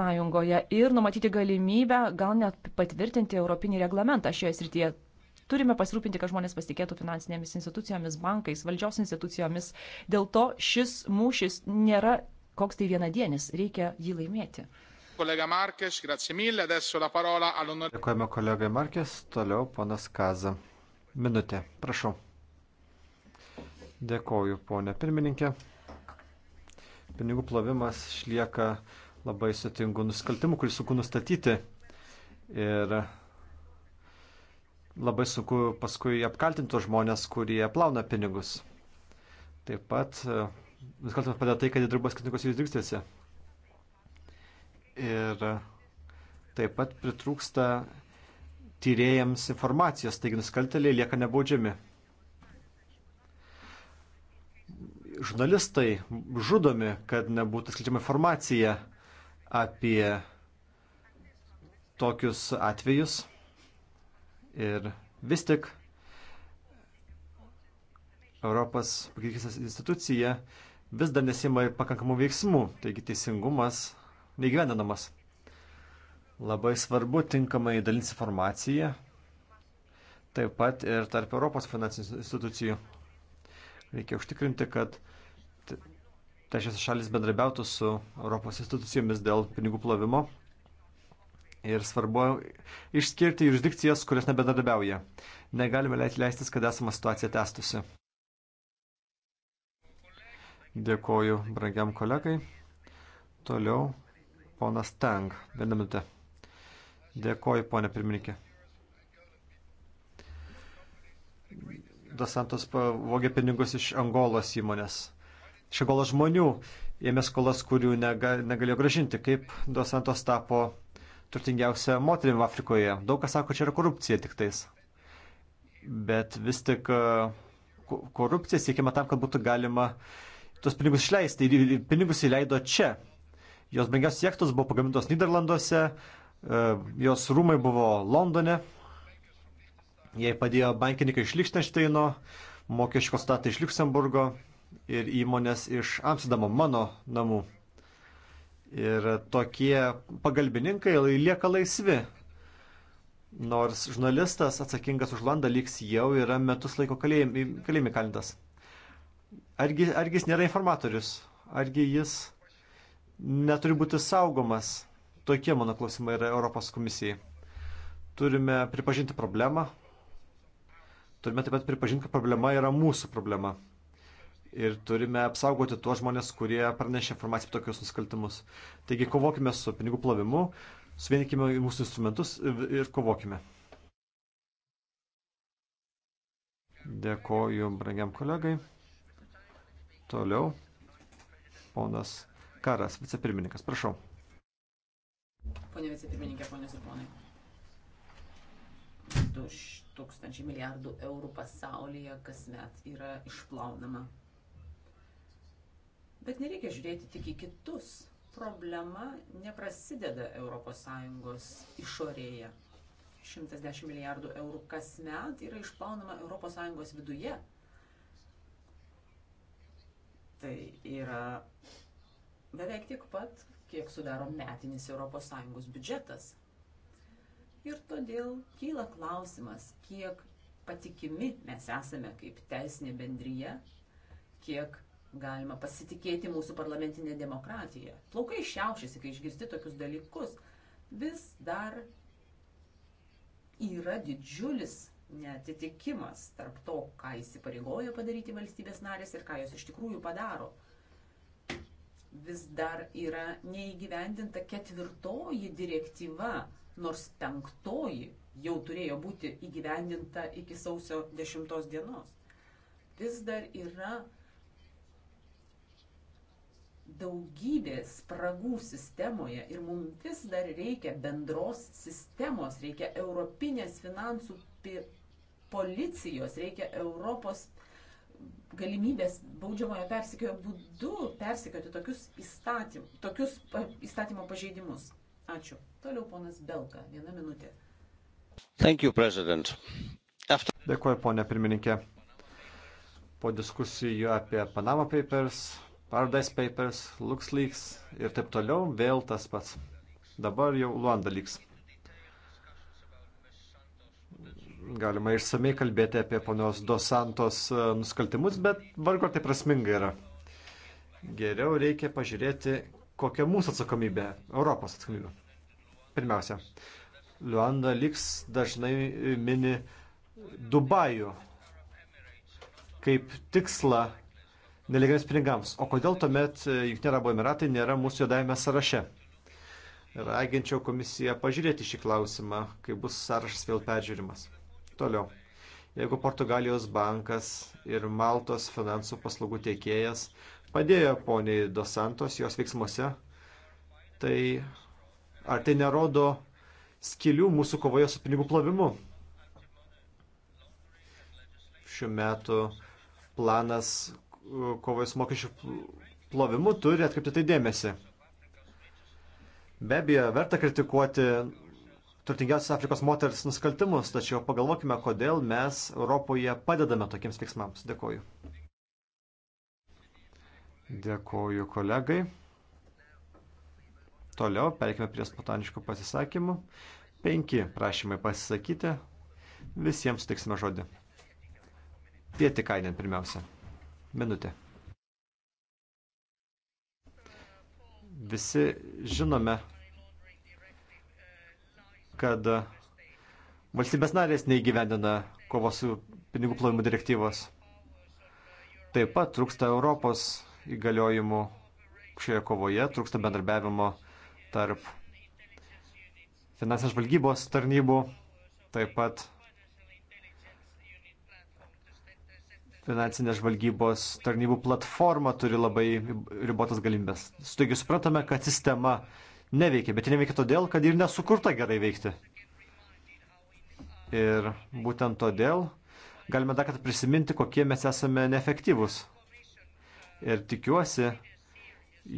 ir numatyti galimybę gal net patvirtinti Europinį reglamentą šioje srityje. Turime pasirūpinti, kad žmonės pasitikėtų finansinėmis institucijomis, bankais, valdžios institucijomis. Dėl to šis mūšis nėra koks tai vienadienis, reikia jį laimėti. Dėkojame kolegai Markės, toliau ponas Kaza. Minutė, prašau. Dėkoju, ponė pirmininkė. Pinigų plovimas išlieka labai sutingų nusikaltimų, kurį sunku nustatyti. Ir labai sunku paskui apkaltinti tos žmonės, kurie plauna pinigus. Taip pat e, nusikaltimas padeda tai, kad jie dirba skirtingose jurisdikcijose. Ir taip pat pritrūksta tyrėjams informacijos, taigi nusikaltėliai lieka nebaudžiami. Žurnalistai žudomi, kad nebūtų skleidžiama informacija apie tokius atvejus. Ir vis tik Europos pagrindinės institucija vis dar nesima pakankamų veiksmų. Taigi teisingumas neįgyvendinamas. Labai svarbu tinkamai dalinti informaciją, taip pat ir tarp Europos finansinių institucijų. Reikia užtikrinti, kad trečias šalis bendrabiautų su Europos institucijomis dėl pinigų plovimo Ir svarbu išskirti jurisdikcijas, kurios nebedarbiauja. Negalime leistis, kad esama situacija testusi. Dėkoju brangiam kolegai. Toliau Ponas Tang, vieną minutę. Dėkoju, ponė pirmininkė. Dasantos vogė pinigus iš Angolos įmonės. Iš Angolos žmonių ėmė skolas, kurių nega, negalėjo gražinti. Kaip Dasantos tapo turtingiausia moterim Afrikoje. Daug kas sako, čia yra korupcija tik tais. Bet vis tik uh, korupcija siekiama tam, kad būtų galima tuos pinigus išleisti. Ir pinigus įleido čia, Jos brangiausias jachtos buvo pagamintos Niderlanduose, e, jos rūmai buvo Londone, jai padėjo bankininkai iš Lichtensteino, mokesčių konstatai iš Luxemburgo ir įmonės iš Amsterdamo mano namų. Ir tokie pagalbininkai lieka laisvi. Nors žurnalistas atsakingas už Landą liks jau yra metus laiko kalėjime kalintas. Argi, argi jis nėra informatorius? Argi jis neturi būti saugomas. Tokie mano klausimai yra Europos komisijai. Turime pripažinti problemą. Turime taip pat pripažinti, kad problema yra mūsų problema. Ir turime apsaugoti tuos žmonės, kurie pranešė informaciją apie tokius nusikaltimus. Taigi kovokime su pinigų plovimu, suvienikime mūsų instrumentus ir kovokime. Dėkoju brangiam kolegai. Toliau. Ponas Karas, vicepirmininkas, prašau. Pone vicepirmininkė, ponios ir ponai. 2 tūkstančiai milijardų eurų pasaulyje kasmet yra išplaunama. Bet nereikia žiūrėti tik į kitus. Problema neprasideda ES išorėje. 110 milijardų eurų kasmet yra išplaunama ES viduje. Tai yra beveik tiek pat, kiek sudaro metinis ES biudžetas. Ir todėl kyla klausimas, kiek patikimi mes esame kaip teisinė bendryje, kiek galima pasitikėti mūsų parlamentinė demokratija. Plaukai šiaušiasi, kai išgirsti tokius dalykus. Vis dar yra didžiulis netitikimas tarp to, ką įsipareigojo padaryti valstybės narės ir ką jos iš tikrųjų padaro vis dar yra neįgyvendinta ketvirtoji direktyva, nors penktoji jau turėjo būti įgyvendinta iki sausio 10 dienos. Vis dar yra daugybė spragų sistemoje ir mums vis dar reikia bendros sistemos, reikia europinės finansų policijos, reikia Europos galimybės baudžiamojo persikėjo būdu persikioti tokius, įstatym, tokius įstatymo pažeidimus. Ačiū. Toliau ponas Belka, viena minutė. Thank you, President. After... Dėkuoju, ponė pirmininkė. Po diskusijų apie Panama Papers, Paradise Papers, LuxLeaks ir taip toliau vėl tas pats. Dabar jau Luanda lygs. galima išsamei kalbėti apie ponios Dosantos e, nusikaltimus, bet vargu ar tai prasminga yra. Geriau reikia pažiūrėti, kokia mūsų atsakomybė, Europos atsakomybė. Pirmiausia, Luanda liks dažnai mini Dubajų kaip tikslą nelegaliams pinigams. O kodėl tuomet e, Junktinė Arabų Emiratai nėra mūsų juodajame sąraše? Raginčiau komisiją pažiūrėti šį klausimą, kai bus sąrašas vėl peržiūrimas. Toliau. Jeigu Portugalijos bankas ir Maltos finansų paslaugų teikėjas padėjo poniai Dosantos jos veiksmuose, tai ar tai nerodo skilių mūsų kovoje su pinigų plovimu? Šiuo metu planas e, kovoje su mokesčių plovimu turi atkreipti tai dėmesį. Be abejo, verta kritikuoti turtingiausias Afrikos moters nusikaltimus, tačiau pagalvokime, kodėl mes Europoje padedame tokiems veiksmams. Dėkoju. Dėkoju kolegai. Toliau perkime prie spontaniškų pasisakymų. Penki prašymai pasisakyti. Visiems suteiksime žodį. Pieti kainen pirmiausia. Minutė. Visi žinome, kad valstybės narės neįgyvendina kovos su pinigų plovimu direktyvos. Taip pat trūksta Europos įgaliojimų šioje kovoje, trūksta bendarbiavimo tarp finansinės žvalgybos tarnybų, taip pat finansinės žvalgybos tarnybų platforma turi labai ribotas galimybės. Taigi suprantame, kad sistema neveikia, bet ji neveikia todėl, kad ir nesukurta gerai veikti. Ir būtent todėl galime dar kartą prisiminti, kokie mes esame neefektyvūs. Ir tikiuosi,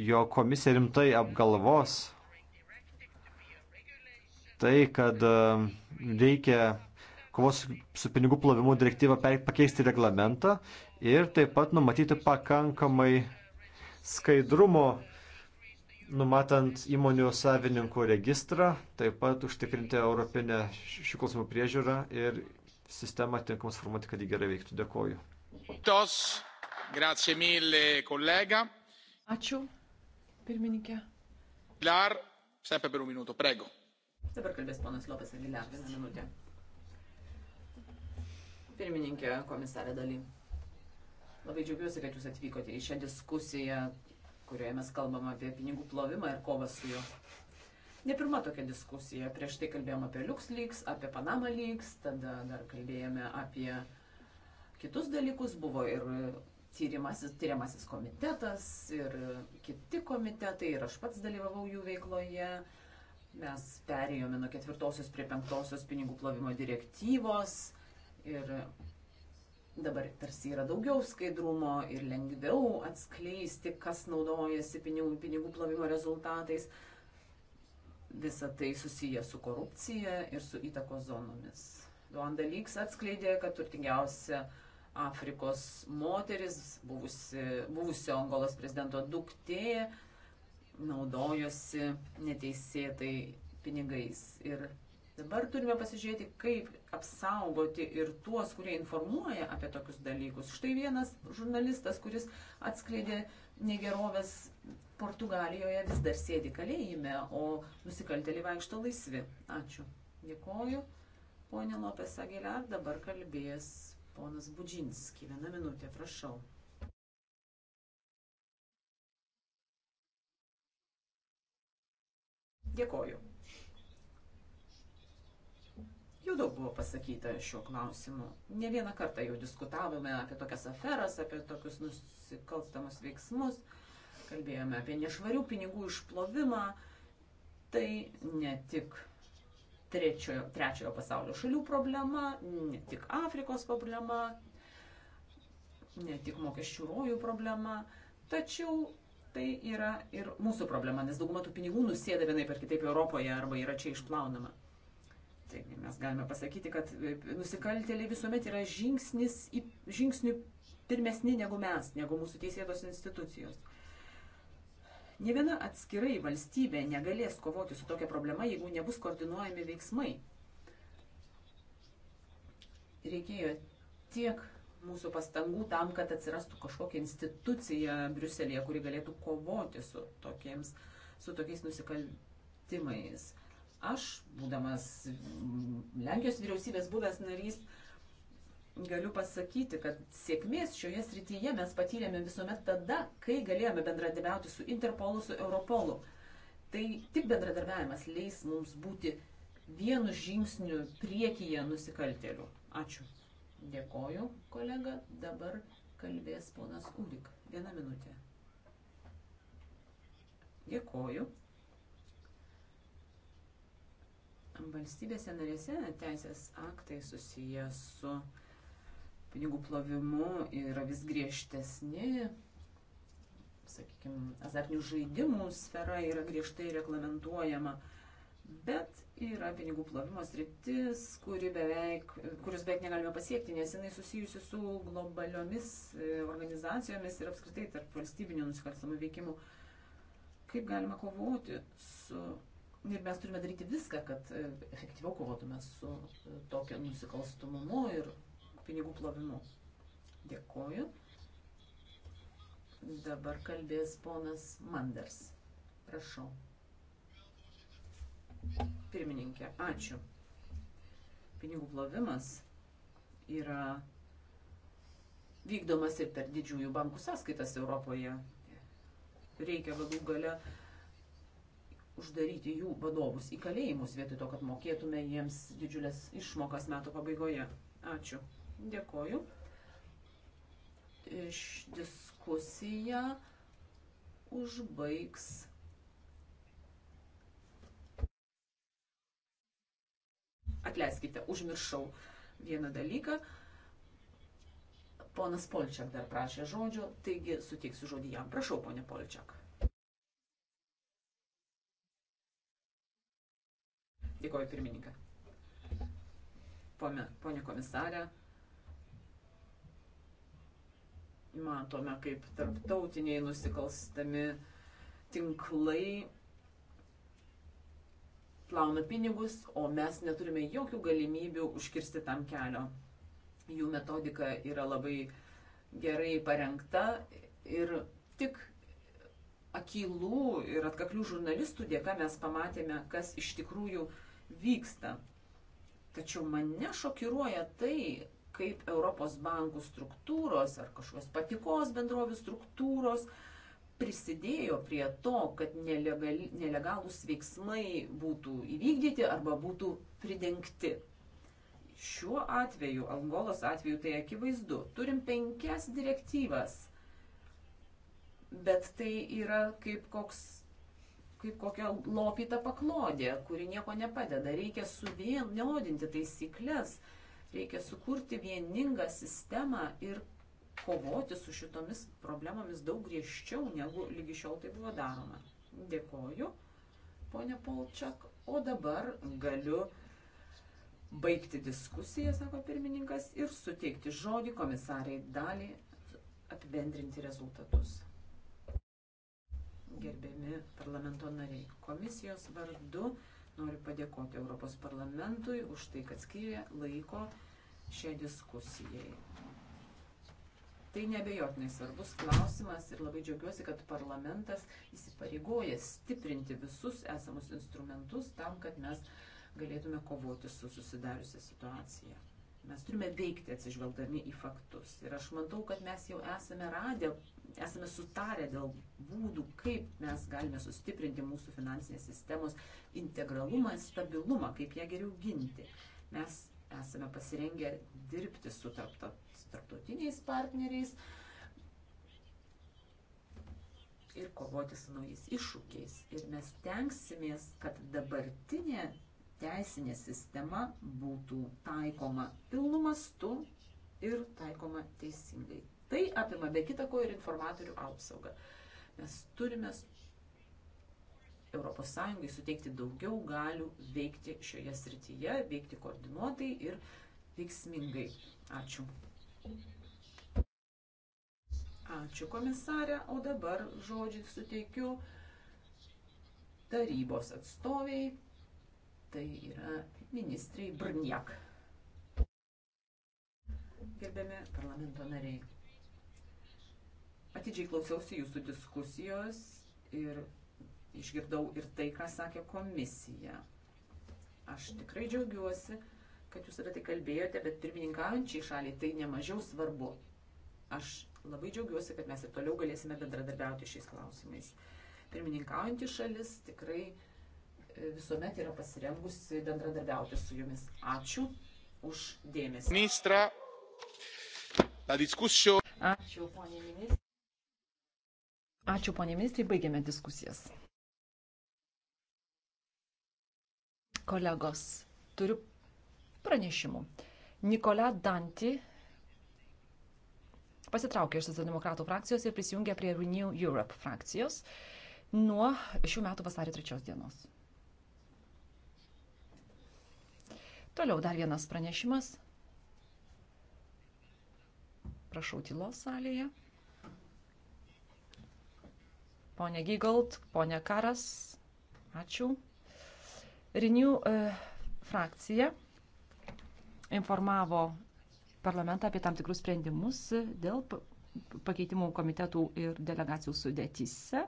jo komisija rimtai apgalvos tai, kad um, reikia kovos su pinigų plovimu direktyvą pakeisti reglamentą ir taip pat numatyti pakankamai skaidrumo numatant įmonių savininkų registrą, taip pat užtikrinti europinę šių klausimų priežiūrą ir sistemą tinkamus formuoti, kad jį gerai veiktų. Dėkoju. Tos, grazie mille, kolega. Ačiū, pirmininkė. Lar, sepe per un minuto, prego. Dabar kalbės ponas Lopes Aguilar, vieną minutę. Pirmininkė, komisarė Daly. Labai džiaugiuosi, kad jūs atvykote į šią diskusiją kurioje mes kalbam apie pinigų plovimą ir kovą su juo. Ne pirma tokia diskusija. Prieš tai kalbėjome apie LuxLeaks, apie Panama Leaks, tada dar kalbėjome apie kitus dalykus. Buvo ir tyrimasis, tyriamasis komitetas, ir kiti komitetai, ir aš pats dalyvavau jų veikloje. Mes perėjome nuo ketvirtosios prie penktosios pinigų plovimo direktyvos ir Dabar tarsi yra daugiau skaidrumo ir lengviau atskleisti, kas naudojasi pinigų, pinigų plovimo rezultatais. Visa tai susiję su korupcija ir su įtakos zonomis. Luanda Lyks atskleidė, kad turtingiausia Afrikos moteris, buvusi, buvusio Angolos prezidento duktė, naudojosi neteisėtai pinigais. Ir Dabar turime pasižiūrėti, kaip apsaugoti ir tuos, kurie informuoja apie tokius dalykus. Štai vienas žurnalistas, kuris atskleidė negerovės Portugalijoje, vis dar sėdi kalėjime, o nusikaltėliai vaikšto laisvi. Ačiū. Dėkoju. Pone Lopes Agiliar, dabar kalbės ponas Budžinski. Vieną minutę, prašau. Dėkoju. Jau daug buvo pasakyta šiuo klausimu. Ne vieną kartą jau diskutavome apie tokias aferas, apie tokius nusikalstamus veiksmus, kalbėjome apie nešvarių pinigų išplovimą. Tai ne tik trečiojo, trečiojo pasaulio šalių problema, ne tik Afrikos problema, ne tik mokesčių rojų problema, tačiau tai yra ir mūsų problema, nes dauguma tų pinigų nusėda vienaip ar kitaip Europoje arba yra čia išplaunama. Taigi mes galime pasakyti, kad e, nusikaltėliai visuomet yra žingsnis, žingsnių pirmesni negu mes, negu mūsų teisėtos institucijos. Ne viena atskirai valstybė negalės kovoti su tokia problema, jeigu nebus koordinuojami veiksmai. Reikėjo tiek mūsų pastangų tam, kad atsirastų kažkokia institucija Briuselėje, kuri galėtų kovoti su, tokiems, su tokiais nusikaltimais. Aš, būdamas Lenkijos vyriausybės buvęs narys, galiu pasakyti, kad sėkmės šioje srityje mes patyrėme visuomet tada, kai galėjome bendradarbiauti su Interpolu, su Europolu. Tai tik bendradarbiavimas leis mums būti vienu žingsniu priekyje nusikaltelių. Ačiū. Dėkoju, kolega. Dabar kalbės ponas Ulik. Vieną minutę. Dėkoju. Valstybėse narėse teisės aktai susiję su pinigų plovimu yra vis griežtesni, sakykime, azartinių žaidimų sfera yra griežtai reglamentuojama, bet yra pinigų plovimo sritis, kuri beveik, kurios beveik negalime pasiekti, nes jinai susijusi su globaliomis e, organizacijomis ir apskritai tarp valstybinių nusikalstamų veikimų. Kaip galima kovoti su Ir mes turime daryti viską, kad e, efektyviau kovotume su e, tokiu nusikalstumumu ir pinigų plovimu. Dėkoju. Dabar kalbės ponas Manders. Prašau. Pirmininkė, ačiū. Pinigų plovimas yra vykdomas ir per didžiųjų bankų sąskaitas Europoje. Reikia galų gale uždaryti jų vadovus į kalėjimus, vietoj to, kad mokėtume jiems didžiulės išmokas metų pabaigoje. Ačiū. Dėkoju. Iš diskusiją užbaigs. Atleiskite, užmiršau vieną dalyką. Ponas Polčiak dar prašė žodžio, taigi sutiksiu žodį jam. Prašau, ponė Polčiak. Dėkoju pirmininką. Pone, pone komisarė, matome, kaip tarptautiniai nusikalstami tinklai plauna pinigus, o mes neturime jokių galimybių užkirsti tam kelio. Jų metodika yra labai gerai parengta ir tik akylų ir atkaklių žurnalistų dėka mes pamatėme, kas iš tikrųjų yra vyksta. Tačiau mane šokiruoja tai, kaip Europos bankų struktūros ar kažkokios patikos bendrovių struktūros prisidėjo prie to, kad nelegali, nelegalūs veiksmai būtų įvykdyti arba būtų pridengti. Šiuo atveju, Angolos atveju tai akivaizdu, turim penkias direktyvas, bet tai yra kaip koks kaip kokia lopyta paklodė, kuri nieko nepadeda. Reikia suvienodinti taisyklės, reikia sukurti vieningą sistemą ir kovoti su šitomis problemomis daug griežčiau, negu lygi šiol tai buvo daroma. Dėkoju, ponė Polčiak. O dabar galiu baigti diskusiją, sako pirmininkas, ir suteikti žodį komisariai dalį apibendrinti rezultatus gerbiami parlamento nariai. Komisijos vardu noriu padėkoti Europos parlamentui už tai, kad skyrė laiko šiai diskusijai. Tai nebejotinai svarbus klausimas ir labai džiaugiuosi, kad parlamentas įsipareigoja stiprinti visus esamus instrumentus tam, kad mes galėtume kovoti su susidariusią situaciją. Mes turime veikti atsižvelgdami į faktus. Ir aš matau, kad mes jau esame radę, esame sutarę dėl būdų, kaip mes galime sustiprinti mūsų finansinės sistemos integralumą ir stabilumą, kaip ją geriau ginti. Mes esame pasirengę dirbti su tarptautiniais partneriais ir kovoti su naujais iššūkiais. Ir mes tenksimės, kad dabartinė teisinė sistema būtų taikoma pilnu mastu ir taikoma teisingai. Tai apima be kita ko ir informatorių apsaugą. Mes turime ES suteikti daugiau galių veikti šioje srityje, veikti koordinuotai ir veiksmingai. Ačiū. Ačiū komisarė, o dabar žodžiu suteikiu tarybos atstoviai tai yra ministrai Brniak. Gerbiami parlamento nariai, atidžiai klausiausi jūsų diskusijos ir išgirdau ir tai, ką sakė komisija. Aš tikrai džiaugiuosi, kad jūs apie tai kalbėjote, bet pirmininkaujančiai šaliai tai nemažiau svarbu. Aš labai džiaugiuosi, kad mes ir toliau galėsime bendradarbiauti šiais klausimais. Pirmininkaujantį šalis tikrai visuomet yra pasirengusi bendradarbiauti su jumis. Ačiū už dėmesį. Ministra, la diskusio. Ačiū, ponė ministrė. Ačiū, ponė ministrė, baigėme diskusijas. Kolegos, turiu pranešimų. Nikola Danti pasitraukė iš socialdemokratų frakcijos ir prisijungė prie Renew Europe frakcijos nuo šių metų vasario 3 dienos. Toliau dar vienas pranešimas. Prašau tylos salėje. Pone Gigalt, pone Karas, ačiū. Renew e, frakcija informavo parlamentą apie tam tikrus sprendimus dėl pakeitimų komitetų ir delegacijų sudėtyse.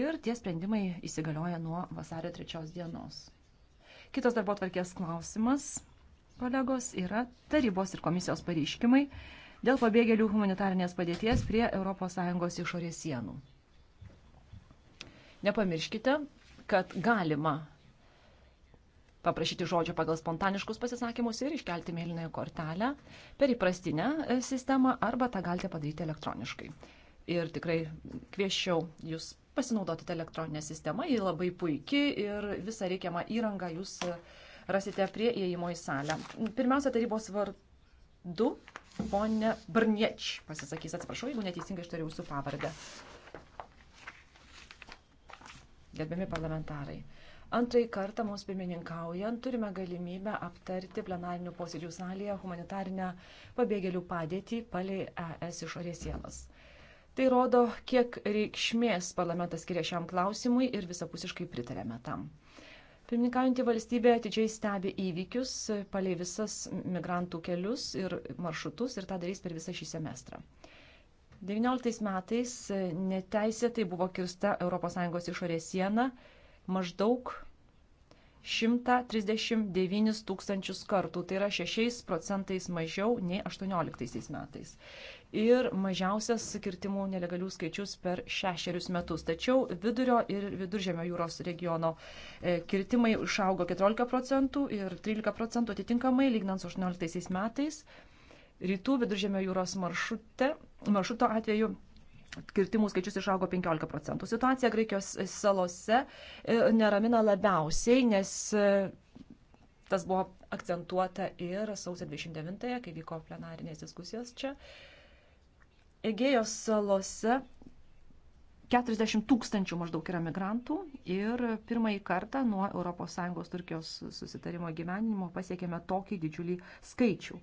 Ir tie sprendimai įsigalioja nuo vasario 3 dienos. Kitas darbo tvarkės klausimas, kolegos, yra tarybos ir komisijos pareiškimai dėl pabėgėlių humanitarinės padėties prie ES išorės sienų. Nepamirškite, kad galima paprašyti žodžio pagal spontaniškus pasisakymus ir iškelti mėlynąją kortelę per įprastinę e, sistemą arba tą galite padaryti elektroniškai. Ir tikrai kvieščiau jūs pasinaudokite elektroninę sistemą, ji labai puikiai ir visą reikiamą įrangą jūs rasite prie įėjimo į salę. Pirmiausia, tarybos vardu ponė Barnieč pasisakys, atsiprašau, jeigu neteisingai ištariau jūsų pavardę. Gerbiami parlamentarai. Antrai kartą mums pirmininkaujant turime galimybę aptarti plenarinių posėdžių salėje humanitarinę pabėgėlių padėtį palei ES išorės sienas. Tai rodo, kiek reikšmės parlamentas skiria šiam klausimui ir visapusiškai pritarėme tam. Pirmininkaujantį valstybę atidžiai stebi įvykius palei visas migrantų kelius ir maršrutus ir tą darys per visą šį semestrą. 19 metais neteisėtai buvo kirsta ES išorės siena maždaug 139 tūkstančius kartų, tai yra 6 procentais mažiau nei 18 metais ir mažiausias kirtimų nelegalių skaičius per šešerius metus. Tačiau vidurio ir viduržėmio jūros regiono e, kirtimai išaugo 14 procentų ir 13 procentų atitinkamai, lygnant su 18 metais. Rytų viduržėmio jūros maršrute, maršruto atveju kirtimų skaičius išaugo 15 procentų. Situacija Graikijos salose e, neramina labiausiai, nes e, tas buvo akcentuota ir sausio 29-ąją, kai vyko plenarinės diskusijos čia. Uh, Egejos salose 40 tūkstančių maždaug yra migrantų ir pirmąjį kartą nuo ES Turkijos susitarimo gyvenimo pasiekėme tokį didžiulį skaičių.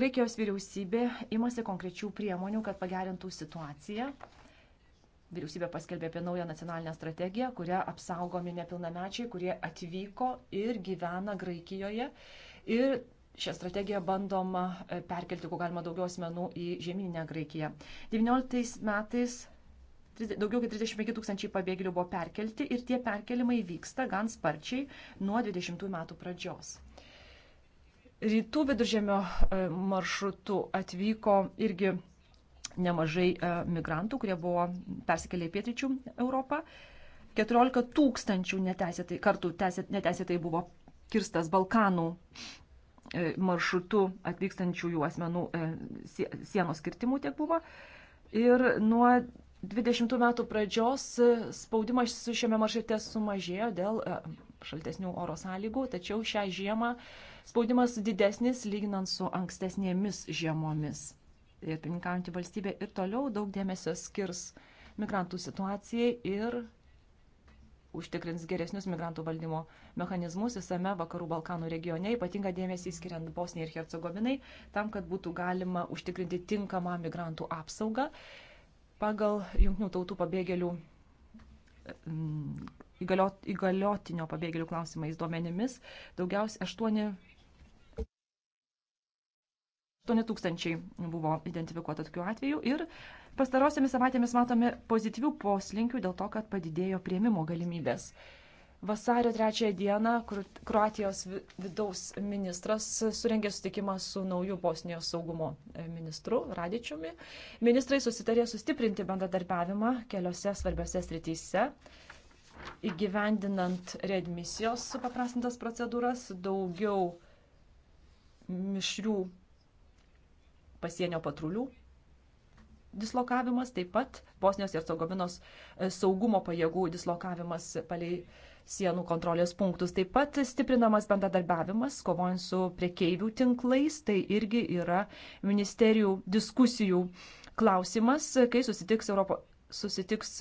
Graikijos vyriausybė imasi konkrečių priemonių, kad pagerintų situaciją. Vyriausybė paskelbė apie naują nacionalinę strategiją, kuria apsaugomi nepilnamečiai, kurie atvyko ir gyvena Graikijoje. Ir šią strategiją bandoma e, perkelti, kuo galima daugiau asmenų į žemyninę Graikiją. 19 metais daugiau kaip 35 tūkstančiai pabėgėlių buvo perkelti ir tie perkelimai vyksta gan sparčiai nuo 20 metų pradžios. Rytų viduržėmio e, maršrutu atvyko irgi nemažai e, migrantų, kurie buvo persikėlę į pietryčių Europą. 14 tūkstančių neteisėtai, kartų teisėt, neteisėtai buvo kirstas Balkanų E, maršrutu atvykstančiųjų asmenų e, sienos kirtimų tiek buvo. Ir nuo 20 metų pradžios e, spaudimas šiame maršrute sumažėjo dėl šaltesnių oro sąlygų, tačiau šią žiemą spaudimas didesnis lyginant su ankstesnėmis žiemomis. Ir pirmininkaujantį valstybę ir toliau daug dėmesio skirs migrantų situacijai ir užtikrins geresnius migrantų valdymo mechanizmus visame Vakarų Balkanų regione, ypatinga dėmesį skiriant Bosniai ir Hercegovinai, tam, kad būtų galima užtikrinti tinkamą migrantų apsaugą pagal Junktinių tautų pabėgėlių mm, įgaliotinio pabėgėlių klausimais duomenimis daugiausiai 8 8 tūkstančiai buvo identifikuota tokių atvejų ir pastarosiamis savaitėmis matome pozityvių poslinkių dėl to, kad padidėjo prieimimo galimybės. Vasario 3 dieną Kroatijos vidaus ministras surengė sutikimą su nauju Bosnijos saugumo ministru Radičiumi. Ministrai susitarė sustiprinti bendradarbiavimą keliose svarbiose srityse, įgyvendinant readmisijos supaprastintas procedūras, daugiau mišrių pasienio patrulių dislokavimas, taip pat Bosnijos ir Hercegovinos e, saugumo pajėgų dislokavimas palei sienų kontrolės punktus. Taip pat stiprinamas bendradarbiavimas, kovojant su priekeivių tinklais, tai irgi yra ministerijų diskusijų klausimas, kai susitiks Europo, susitiks,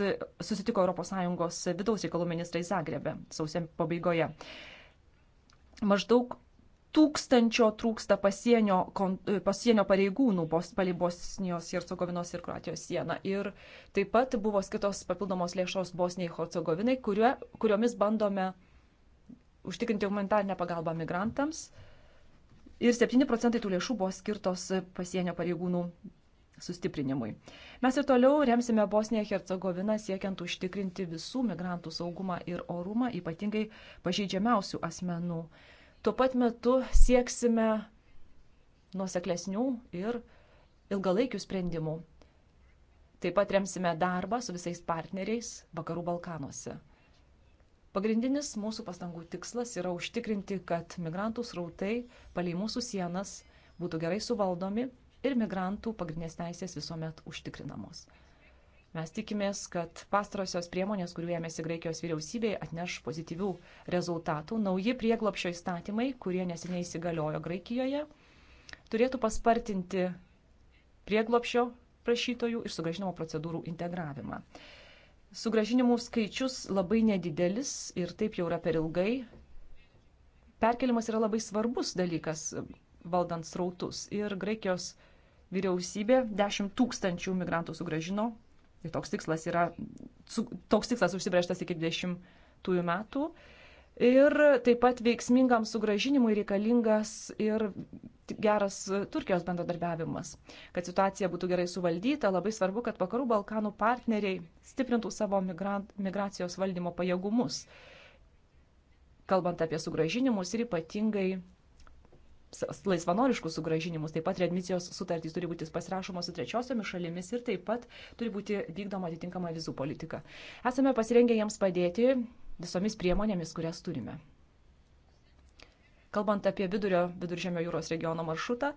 susitiko ES vidaus reikalų ministrai Zagrebe sausio pabaigoje. Maždaug tūkstančio trūksta pasienio, pasienio pareigūnų palei Bosnijos ir Hercegovinos ir Kroatijos sieną. Ir taip pat buvo skirtos papildomos lėšos Bosnijai ir Hercegovinai, kurio, kuriomis bandome užtikrinti humanitarinę pagalbą migrantams. Ir 7 procentai tų lėšų buvo skirtos pasienio pareigūnų sustiprinimui. Mes ir toliau remsime Bosniją ir Hercegoviną siekiant užtikrinti visų migrantų saugumą ir orumą, ypatingai pažeidžiamiausių asmenų Tuo pat metu sieksime nuoseklesnių ir ilgalaikių sprendimų. Taip pat remsime darbą su visais partneriais Vakarų Balkanuose. Pagrindinis mūsų pastangų tikslas yra užtikrinti, kad migrantų srautai palei mūsų sienas būtų gerai suvaldomi ir migrantų pagrindinės teisės visuomet užtikrinamos. Mes tikimės, kad pastarosios priemonės, kurių ėmėsi Graikijos vyriausybė, atneš pozityvių rezultatų. Nauji prieglopšio įstatymai, kurie neseniai įsigaliojo Graikijoje, turėtų paspartinti prieglopšio prašytojų ir sugražinimo procedūrų integravimą. Sugražinimų skaičius labai nedidelis ir taip jau yra per ilgai. Perkelimas yra labai svarbus dalykas valdant srautus. Ir Graikijos vyriausybė 10 tūkstančių migrantų sugražino Ir toks tikslas yra, toks tikslas užsibrėžtas iki 20 metų. Ir taip pat veiksmingam sugražinimui reikalingas ir geras Turkijos bendradarbiavimas. Kad situacija būtų gerai suvaldyta, labai svarbu, kad vakarų Balkanų partneriai stiprintų savo migracijos valdymo pajėgumus. Kalbant apie sugražinimus ir ypatingai laisvanoriškus sugražinimus, taip pat readmisijos sutartys turi būti pasirašomos su trečiosiomis šalimis ir taip pat turi būti vykdoma atitinkama vizų politika. Esame pasirengę jiems padėti visomis priemonėmis, kurias turime. Kalbant apie vidurio, viduržėmio jūros regiono maršrutą,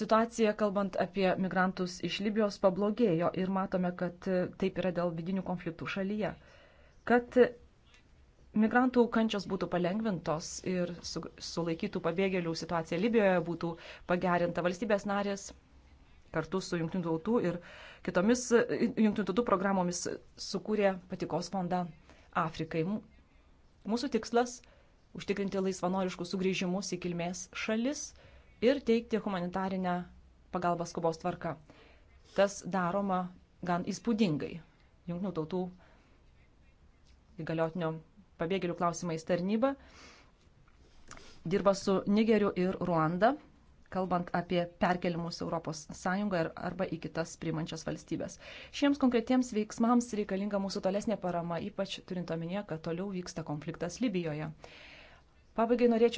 situacija, kalbant apie migrantus iš Libijos, pablogėjo ir matome, kad taip yra dėl vidinių konfliktų šalyje. Kad migrantų kančios būtų palengvintos ir su, sulaikytų pabėgėlių situacija Libijoje būtų pagerinta valstybės narės kartu su Junktinių tautų ir kitomis Junktinių tautų programomis sukūrė patikos fondą Afrikai. Mūsų tikslas - užtikrinti laisvanoriškus sugrįžimus į kilmės šalis ir teikti humanitarinę pagalbą skubos tvarka. Tas daroma gan įspūdingai. Junktinių tautų įgaliotinio pabėgėlių klausimais tarnyba dirba su Nigeriu ir Ruanda, kalbant apie perkelimus ES arba į kitas priimančias valstybės. Šiems konkretiems veiksmams reikalinga mūsų tolesnė parama, ypač turint omenyje, kad toliau vyksta konfliktas Libijoje. Pabaigai norėčiau